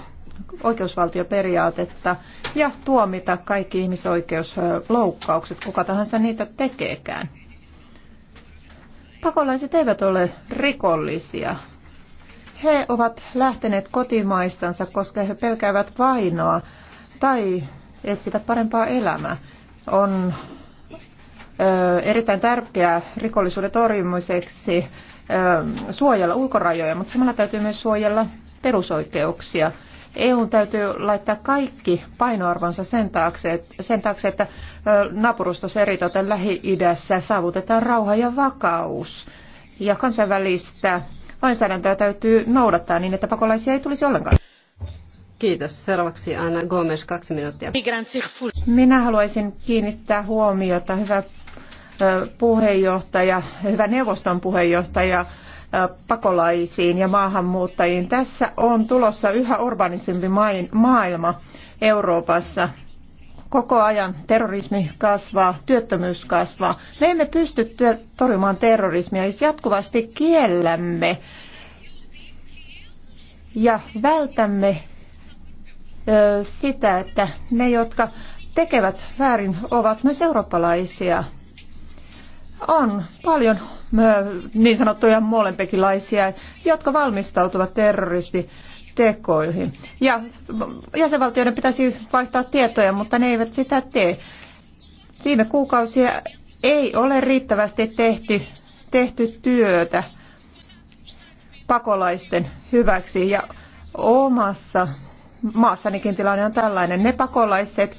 oikeusvaltioperiaatetta ja tuomita kaikki ihmisoikeusloukkaukset, kuka tahansa niitä tekeekään. Pakolaiset eivät ole rikollisia. He ovat lähteneet kotimaistansa, koska he pelkäävät vainoa tai etsivät parempaa elämää. On ö, erittäin tärkeää rikollisuuden torjumiseksi ö, suojella ulkorajoja, mutta samalla täytyy myös suojella perusoikeuksia. EUn täytyy laittaa kaikki painoarvonsa sen taakse, sen taakse että naapurustos eritoten Lähi-idässä saavutetaan rauha ja vakaus. Ja kansainvälistä lainsäädäntöä täytyy noudattaa niin, että pakolaisia ei tulisi ollenkaan. Kiitos. Seuraavaksi Anna Gomes, kaksi minuuttia. Minä haluaisin kiinnittää huomiota, hyvä puheenjohtaja, hyvä neuvoston puheenjohtaja, pakolaisiin ja maahanmuuttajiin. Tässä on tulossa yhä urbanisempi maailma Euroopassa. Koko ajan terrorismi kasvaa, työttömyys kasvaa. Me emme pysty torjumaan terrorismia, jos jatkuvasti kiellämme ja vältämme sitä, että ne, jotka tekevät väärin, ovat myös eurooppalaisia. On paljon niin sanottuja molempekilaisia, jotka valmistautuvat terroristi tekoihin. Ja jäsenvaltioiden pitäisi vaihtaa tietoja, mutta ne eivät sitä tee. Viime kuukausia ei ole riittävästi tehty, tehty työtä pakolaisten hyväksi ja omassa maassanikin tilanne on tällainen. Ne pakolaiset,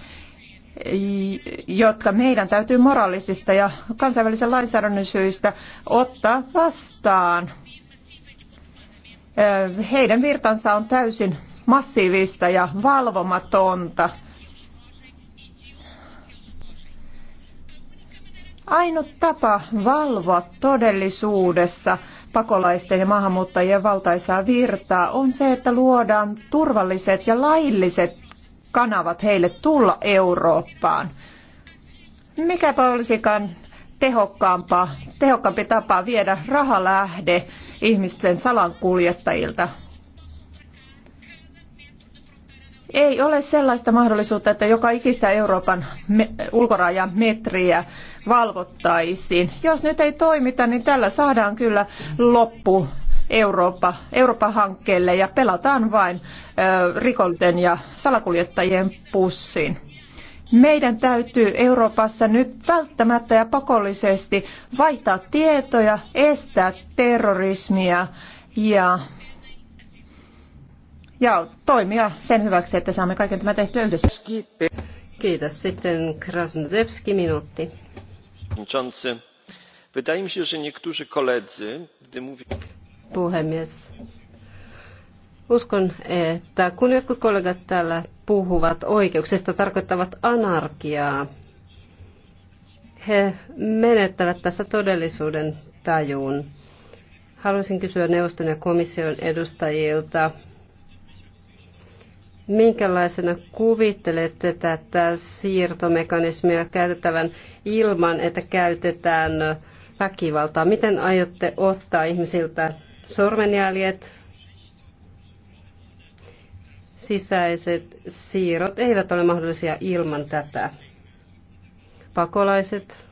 jotka meidän täytyy moraalisista ja kansainvälisen lainsäädännön syistä ottaa vastaan. Heidän virtansa on täysin massiivista ja valvomatonta. Ainut tapa valvoa todellisuudessa pakolaisten ja maahanmuuttajien valtaisaa virtaa on se, että luodaan turvalliset ja lailliset kanavat heille tulla Eurooppaan. Mikäpä olisikaan tehokkaampaa, tehokkaampi tapa viedä rahalähde ihmisten salankuljettajilta ei ole sellaista mahdollisuutta, että joka ikistä Euroopan me- ulkorajan metriä valvottaisiin. Jos nyt ei toimita, niin tällä saadaan kyllä loppu Eurooppa, Eurooppa-hankkeelle ja pelataan vain rikollisten ja salakuljettajien pussiin. Meidän täytyy Euroopassa nyt välttämättä ja pakollisesti vaihtaa tietoja, estää terrorismia ja, ja toimia sen hyväksi, että saamme kaiken tämän tehtyä yhdessä. Kiitos. Sitten Krasnodewski minuutti. Wydaje mi się, że niektórzy koledzy, gdy mówią puhemies. Uskon, että kun jotkut kollegat täällä puhuvat oikeuksista, tarkoittavat anarkiaa. He menettävät tässä todellisuuden tajuun. Haluaisin kysyä neuvoston ja komission edustajilta, minkälaisena kuvittelette tätä siirtomekanismia käytettävän ilman, että käytetään väkivaltaa? Miten aiotte ottaa ihmisiltä Sormenjäljet, sisäiset siirrot eivät ole mahdollisia ilman tätä. Pakolaiset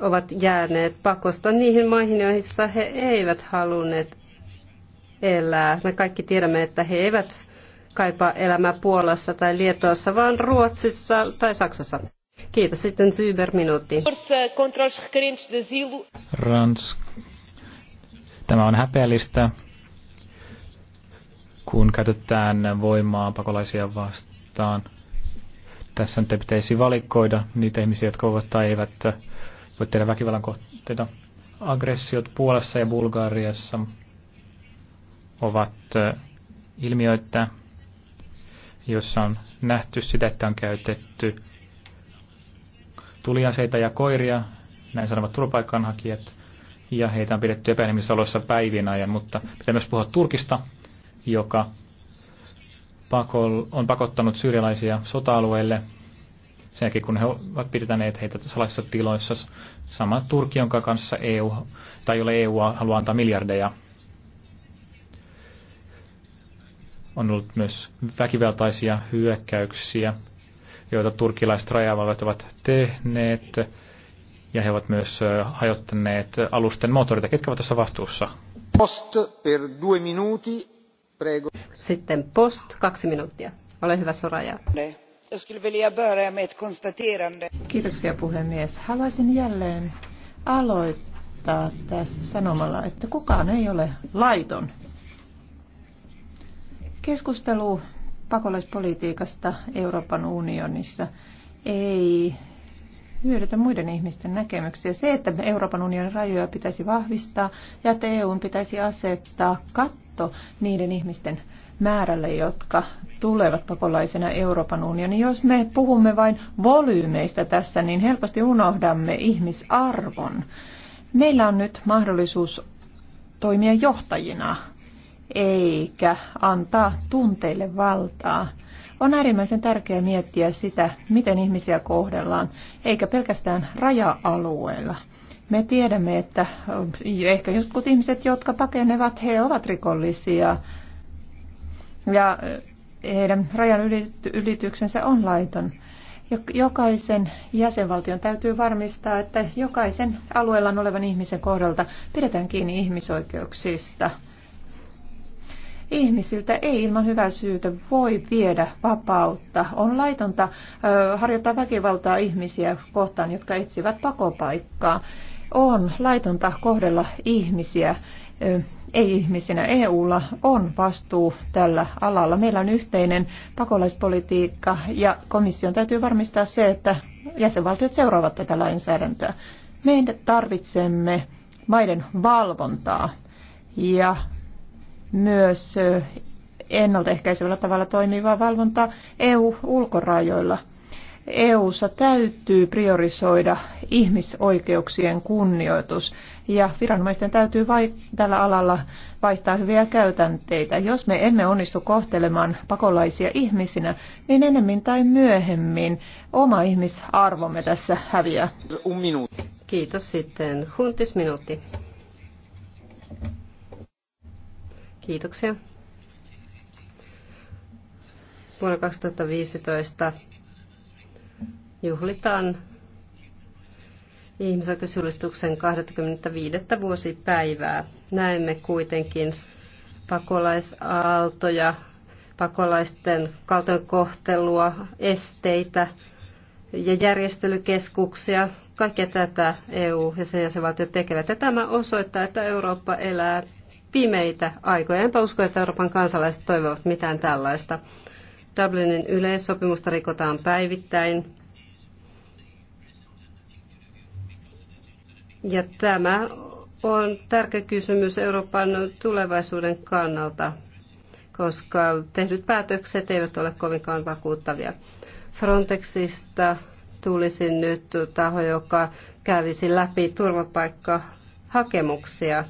ovat jääneet pakosta niihin maihin, joissa he eivät halunneet elää. Me kaikki tiedämme, että he eivät kaipaa elämää Puolassa tai Lietoassa, vaan Ruotsissa tai Saksassa. Kiitos. Sitten Zyber minuutti. Rans. Tämä on häpeällistä, kun käytetään voimaa pakolaisia vastaan. Tässä te pitäisi valikoida niitä ihmisiä, jotka ovat tai eivät voi tehdä väkivallan kohteita. Aggressiot Puolassa ja Bulgariassa ovat äh, ilmiöitä, jossa on nähty sitä, että on käytetty tuliaseita ja koiria, näin sanovat turvapaikanhakijat, ja heitä on pidetty epäinhimillisissä oloissa päivien ajan, mutta pitää myös puhua Turkista, joka on pakottanut syyrialaisia sota-alueille sen jälkeen, kun he ovat pidetäneet heitä salaisissa tiloissa. Sama Turkki, jonka kanssa EU, tai jolle EU haluaa antaa miljardeja. On ollut myös väkivaltaisia hyökkäyksiä joita turkilaiset rajavalvojat ovat tehneet. Ja he ovat myös hajottaneet alusten moottorita. Ketkä ovat tässä vastuussa? Post per due minuti. Prego. Sitten post, kaksi minuuttia. Ole hyvä Soraja. Kiitoksia puhemies. Haluaisin jälleen aloittaa tässä sanomalla, että kukaan ei ole laiton. Keskustelu pakolaispolitiikasta Euroopan unionissa ei hyödytä muiden ihmisten näkemyksiä. Se, että Euroopan unionin rajoja pitäisi vahvistaa ja että EUn pitäisi asettaa katto niiden ihmisten määrälle, jotka tulevat pakolaisena Euroopan unioni. Jos me puhumme vain volyymeista tässä, niin helposti unohdamme ihmisarvon. Meillä on nyt mahdollisuus toimia johtajina eikä antaa tunteille valtaa. On äärimmäisen tärkeää miettiä sitä, miten ihmisiä kohdellaan, eikä pelkästään raja-alueella. Me tiedämme, että ehkä jotkut ihmiset, jotka pakenevat, he ovat rikollisia. Ja heidän rajan ylityksensä on laiton. Jokaisen jäsenvaltion täytyy varmistaa, että jokaisen alueella olevan ihmisen kohdalta pidetään kiinni ihmisoikeuksista. Ihmisiltä ei ilman hyvää syytä voi viedä vapautta. On laitonta ö, harjoittaa väkivaltaa ihmisiä kohtaan, jotka etsivät pakopaikkaa. On laitonta kohdella ihmisiä ei-ihmisinä. EUlla on vastuu tällä alalla. Meillä on yhteinen pakolaispolitiikka ja komission täytyy varmistaa se, että jäsenvaltiot seuraavat tätä lainsäädäntöä. Meidän tarvitsemme maiden valvontaa ja myös ennaltaehkäisevällä tavalla toimivaa valvontaa EU-ulkorajoilla. EUssa täytyy priorisoida ihmisoikeuksien kunnioitus ja viranomaisten täytyy vai- tällä alalla vaihtaa hyviä käytänteitä. Jos me emme onnistu kohtelemaan pakolaisia ihmisinä, niin enemmän tai myöhemmin oma ihmisarvomme tässä häviää. Kiitos sitten. Huntis minuutti. Kiitoksia. Vuonna 2015 juhlitaan ihmisoikeusjulistuksen 25. vuosipäivää. Näemme kuitenkin pakolaisaaltoja, pakolaisten kaltoinkohtelua, esteitä ja järjestelykeskuksia. Kaikkea tätä EU ja sen jäsenvaltiot tekevät. Ja tämä osoittaa, että Eurooppa elää pimeitä aikoja. Enpä usko, että Euroopan kansalaiset toivovat mitään tällaista. Dublinin yleissopimusta rikotaan päivittäin. Ja tämä on tärkeä kysymys Euroopan tulevaisuuden kannalta, koska tehdyt päätökset eivät ole kovinkaan vakuuttavia. Frontexista tulisi nyt taho, joka kävisi läpi turvapaikkahakemuksia.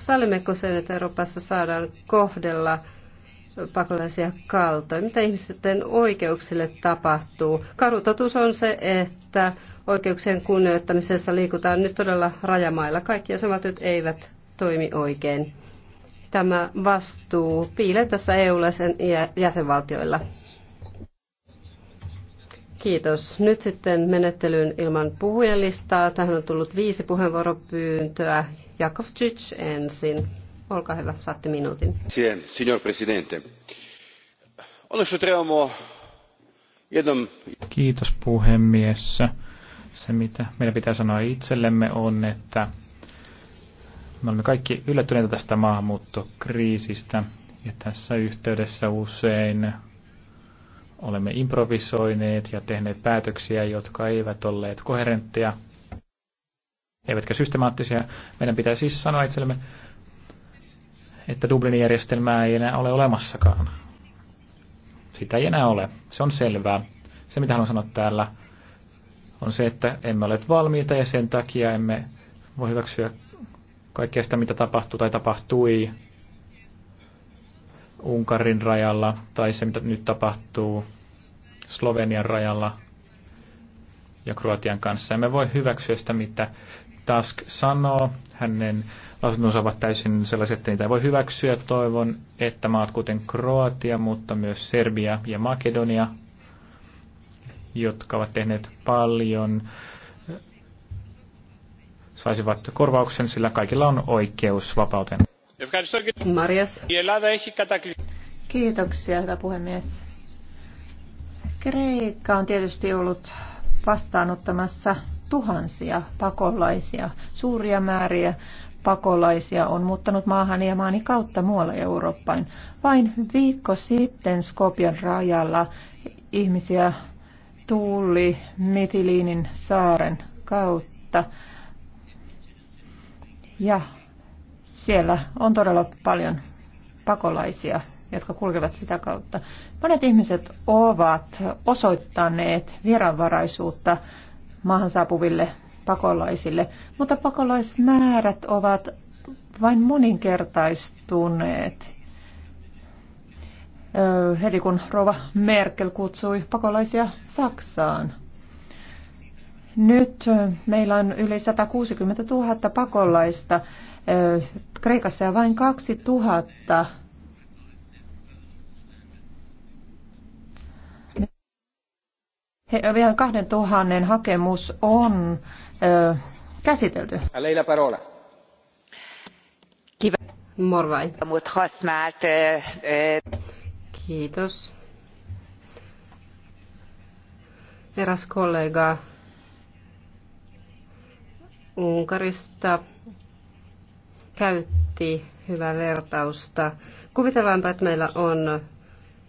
Sallimmeko sen, että Euroopassa saadaan kohdella pakolaisia kaltoja? Mitä ihmisten oikeuksille tapahtuu? Karutatus on se, että oikeuksien kunnioittamisessa liikutaan nyt todella rajamailla. Kaikki jäsenvaltiot eivät toimi oikein. Tämä vastuu piilee tässä EU-jäsenvaltioilla. Kiitos. Nyt sitten menettelyyn ilman puhujalistaa. Tähän on tullut viisi puheenvuoropyyntöä. Jakov Cic ensin. Olkaa hyvä, saatte minuutin. Signor Presidente. Kiitos puhemies. Se mitä meidän pitää sanoa itsellemme on, että me olemme kaikki yllättyneitä tästä maahanmuuttokriisistä. Ja tässä yhteydessä usein Olemme improvisoineet ja tehneet päätöksiä, jotka eivät olleet koherentteja, eivätkä systemaattisia. Meidän pitää siis sanoa itsellemme, että Dublinin järjestelmää ei enää ole olemassakaan. Sitä ei enää ole. Se on selvää. Se, mitä haluan sanoa täällä, on se, että emme ole valmiita ja sen takia emme voi hyväksyä kaikkea sitä, mitä tapahtuu tai tapahtui Unkarin rajalla tai se, mitä nyt tapahtuu Slovenian rajalla ja Kroatian kanssa. Emme voi hyväksyä sitä, mitä Tusk sanoo. Hänen lausuntonsa ovat täysin sellaisia, että niitä ei voi hyväksyä. Toivon, että maat kuten Kroatia, mutta myös Serbia ja Makedonia, jotka ovat tehneet paljon, saisivat korvauksen, sillä kaikilla on oikeus vapauteen. Marjas. Kiitoksia, hyvä puhemies. Kreikka on tietysti ollut vastaanottamassa tuhansia pakolaisia, suuria määriä pakolaisia on muuttanut maahan ja maani kautta muualle Eurooppaan. Vain viikko sitten Skopian rajalla ihmisiä tuuli Mitiliinin saaren kautta. Ja siellä on todella paljon pakolaisia, jotka kulkevat sitä kautta. Monet ihmiset ovat osoittaneet vieraanvaraisuutta maahan saapuville pakolaisille, mutta pakolaismäärät ovat vain moninkertaistuneet. heti kun Rova Merkel kutsui pakolaisia Saksaan. Nyt meillä on yli 160 000 pakolaista Kreikassa ja vain 2000 vielä 2000 hakemus on ö, käsitelty. Leila Parola. Kiva. Morvai. Kiitos. Eräs kollega Unkarista käytti hyvää vertausta. Kuvitellaanpa, että meillä on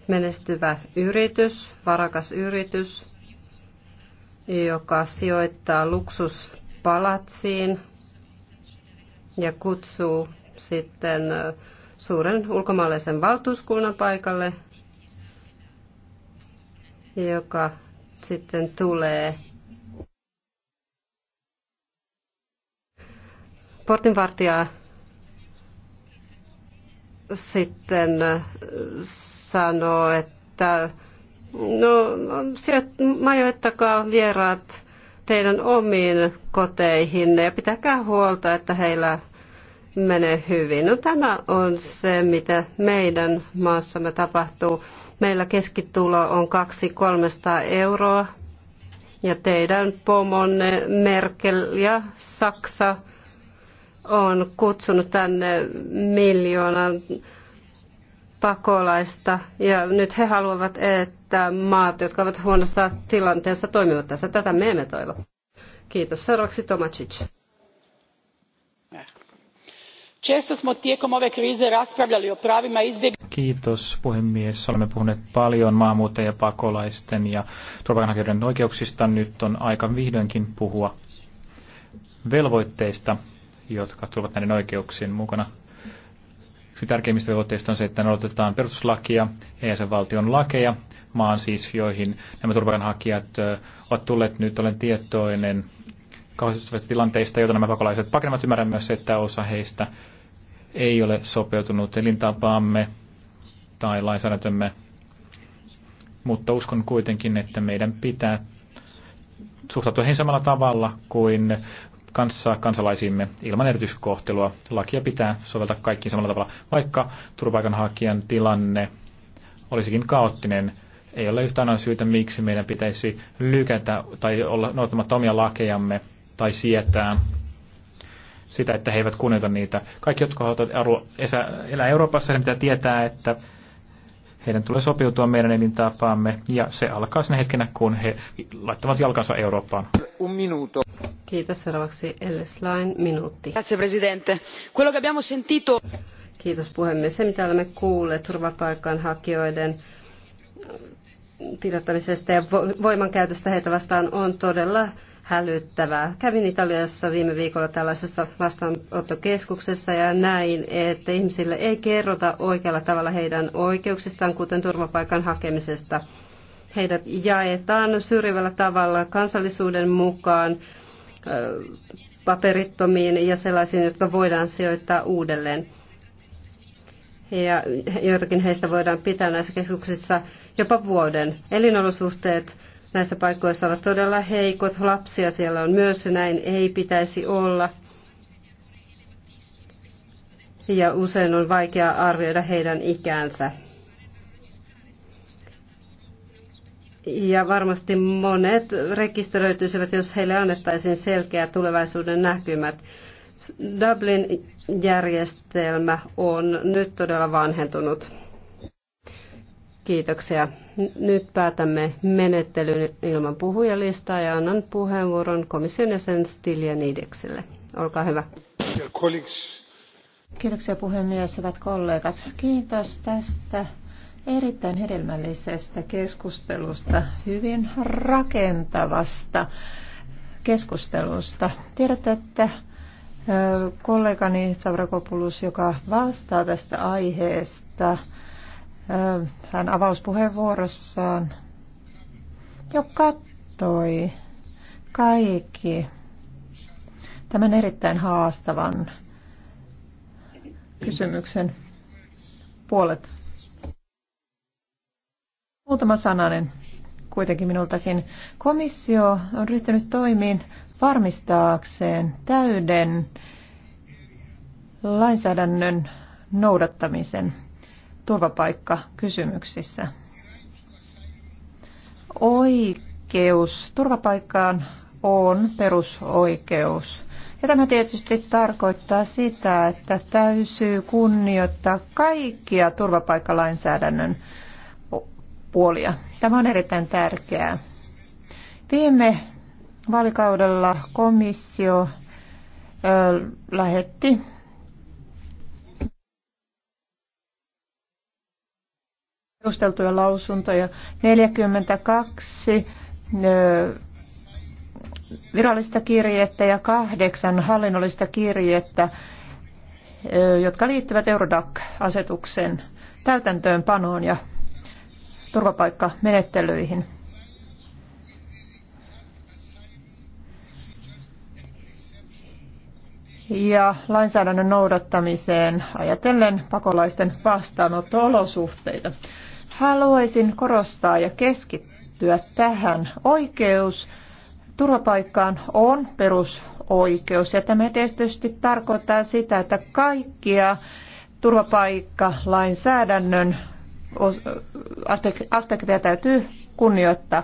menestyvä yritys, varakas yritys, joka sijoittaa luksuspalatsiin ja kutsuu sitten suuren ulkomaalaisen valtuuskunnan paikalle, joka sitten tulee portinvartijaa sitten äh, sanoo, että no, majoittakaa vieraat teidän omiin koteihin ja pitäkää huolta, että heillä menee hyvin. No, tämä on se, mitä meidän maassamme tapahtuu. Meillä keskitulo on 200-300 euroa ja teidän pomonne Merkel ja Saksa – on kutsunut tänne miljoonan pakolaista ja nyt he haluavat, että maat, jotka ovat huonossa tilanteessa, toimivat tässä. Tätä me emme toivo. Kiitos. Seuraavaksi Tomacic. krize raspravljali Kiitos puhemies. Olemme puhuneet paljon maahanmuuttajapakolaisten ja turvapaikanhakijoiden oikeuksista. Nyt on aika vihdoinkin puhua velvoitteista, jotka tulevat näiden oikeuksien mukana. Yksi tärkeimmistä velvoitteista on se, että noudatetaan perustuslakia ja e jäsenvaltion lakeja, maan siis, joihin nämä turvapaikanhakijat ovat tulleet. Nyt olen tietoinen kauhistuttavista tilanteista, joita nämä pakolaiset pakenevat. Ymmärrän myös, että osa heistä ei ole sopeutunut elintapaamme tai lainsäädäntömme, mutta uskon kuitenkin, että meidän pitää suhtautua heihin samalla tavalla kuin kanssa kansalaisimme ilman erityiskohtelua. Lakia pitää soveltaa kaikkiin samalla tavalla, vaikka turvapaikanhakijan tilanne olisikin kaoottinen. Ei ole yhtään ainoa syytä, miksi meidän pitäisi lykätä tai olla noudattamatta omia lakejamme tai sietää sitä, että he eivät kunnioita niitä. Kaikki, jotka haluavat elää Euroopassa, he pitää tietää, että heidän tulee sopiutua meidän elintapaamme, ja se alkaa sinne hetkenä, kun he laittavat jalkansa Eurooppaan. Un minuto. Kiitos. Seuraavaksi minuutti. Grazie, presidente. Quello che abbiamo sentito... Kiitos puhemies. Se, mitä olemme kuulleet turvapaikanhakijoiden pidättämisestä ja voimankäytöstä heitä vastaan on todella hälyttävää. Kävin Italiassa viime viikolla tällaisessa vastaanottokeskuksessa ja näin, että ihmisille ei kerrota oikealla tavalla heidän oikeuksistaan, kuten turvapaikan hakemisesta. Heidät jaetaan syrjivällä tavalla kansallisuuden mukaan Äh, paperittomiin ja sellaisiin, jotka voidaan sijoittaa uudelleen. Ja joitakin heistä voidaan pitää näissä keskuksissa jopa vuoden. Elinolosuhteet näissä paikoissa ovat todella heikot. Lapsia siellä on myös, näin ei pitäisi olla. Ja usein on vaikea arvioida heidän ikäänsä. Ja varmasti monet rekisteröityisivät, jos heille annettaisiin selkeä tulevaisuuden näkymät. Dublin-järjestelmä on nyt todella vanhentunut. Kiitoksia. Nyt päätämme menettelyn ilman puhujalistaa ja annan puheenvuoron komission jäsen Idekselle. Olkaa hyvä. Kiitoksia puhemies, hyvät kollegat. Kiitos tästä erittäin hedelmällisestä keskustelusta, hyvin rakentavasta keskustelusta. Tiedätte, että kollegani Savrakopulus, joka vastaa tästä aiheesta, hän avauspuheenvuorossaan jo kattoi kaikki tämän erittäin haastavan kysymyksen puolet Muutama sananen kuitenkin minultakin. Komissio on ryhtynyt toimiin varmistaakseen täyden lainsäädännön noudattamisen turvapaikkakysymyksissä. Oikeus turvapaikkaan on perusoikeus. Ja tämä tietysti tarkoittaa sitä, että täysyy kunnioittaa kaikkia turvapaikkalainsäädännön puolia. Tämä on erittäin tärkeää. Viime vaalikaudella komissio ö, lähetti perusteltuja lausuntoja 42 ö, virallista kirjettä ja kahdeksan hallinnollista kirjettä, ö, jotka liittyvät Eurodac-asetuksen täytäntöönpanoon ja turvapaikkamenettelyihin. ja lainsäädännön noudattamiseen ajatellen pakolaisten vastaanotto-olosuhteita. Haluaisin korostaa ja keskittyä tähän. Oikeus turvapaikkaan on perusoikeus ja tämä tietysti tarkoittaa sitä, että kaikkia lainsäädännön aspekteja täytyy kunnioittaa.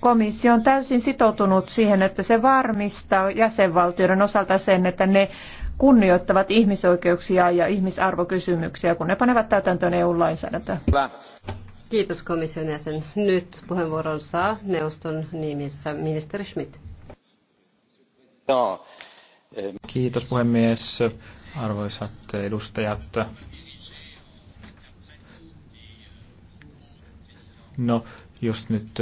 Komissio on täysin sitoutunut siihen, että se varmistaa jäsenvaltioiden osalta sen, että ne kunnioittavat ihmisoikeuksia ja ihmisarvokysymyksiä, kun ne panevat täytäntöön EU-lainsäädäntöä. Kiitos komission jäsen. Nyt puheenvuoron saa neuvoston nimissä ministeri Schmidt. No, Kiitos puhemies, arvoisat edustajat. No, jos nyt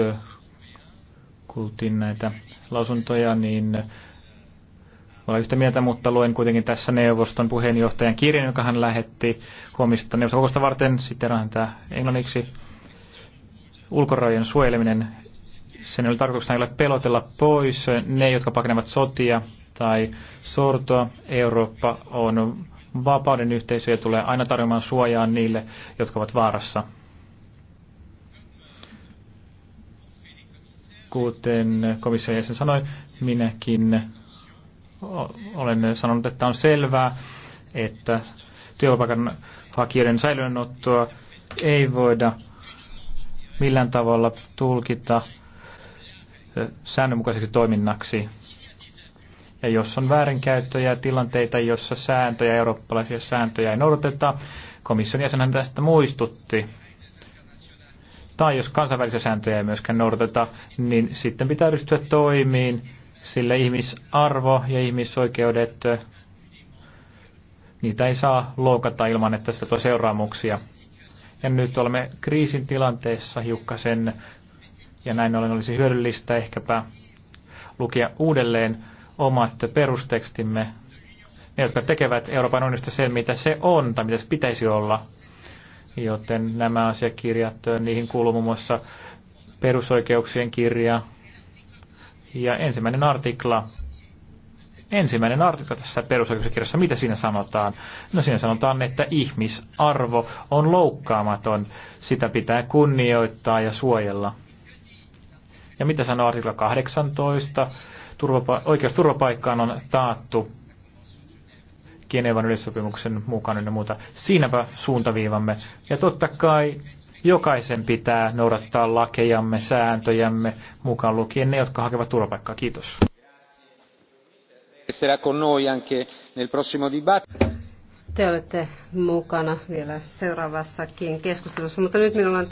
kuultiin näitä lausuntoja, niin olen yhtä mieltä, mutta luen kuitenkin tässä neuvoston puheenjohtajan kirjan, joka hän lähetti huomista neuvostokokousta varten. Sitten on tämä englanniksi ulkorajojen suojeleminen. Sen oli tarkoituksena ei ole pelotella pois ne, jotka pakenevat sotia tai sortoa. Eurooppa on vapauden yhteisö ja tulee aina tarjoamaan suojaa niille, jotka ovat vaarassa. Kuten komission jäsen sanoi, minäkin olen sanonut, että on selvää, että työpaikan hakijoiden säilöönottoa ei voida millään tavalla tulkita säännönmukaiseksi toiminnaksi. Ja jos on väärinkäyttöjä ja tilanteita, joissa sääntöjä, eurooppalaisia sääntöjä ei noudateta, komission jäsenhän tästä muistutti. Tai jos kansainvälisiä sääntöjä ei myöskään noudateta, niin sitten pitää ryhtyä toimiin, sillä ihmisarvo ja ihmisoikeudet, niitä ei saa loukata ilman, että sitä tulee seuraamuksia. Ja nyt olemme kriisin tilanteessa hiukkasen, ja näin ollen olisi hyödyllistä ehkäpä lukea uudelleen omat perustekstimme, ne jotka tekevät Euroopan unionista sen, mitä se on tai mitä se pitäisi olla, joten nämä asiakirjat, äh, niihin kuuluu muun muassa perusoikeuksien kirja ja ensimmäinen artikla. Ensimmäinen artikla tässä perusoikeuksien kirjassa, mitä siinä sanotaan? No siinä sanotaan, että ihmisarvo on loukkaamaton, sitä pitää kunnioittaa ja suojella. Ja mitä sanoo artikla 18? Turvapa- oikeus turvapaikkaan on taattu Genevan yleissopimuksen mukaan ja muuta. Siinäpä suuntaviivamme. Ja totta kai jokaisen pitää noudattaa lakejamme, sääntöjämme, mukaan lukien ne, jotka hakevat turvapaikkaa. Kiitos. Te olette mukana vielä seuraavassakin keskustelussa, mutta nyt minulla on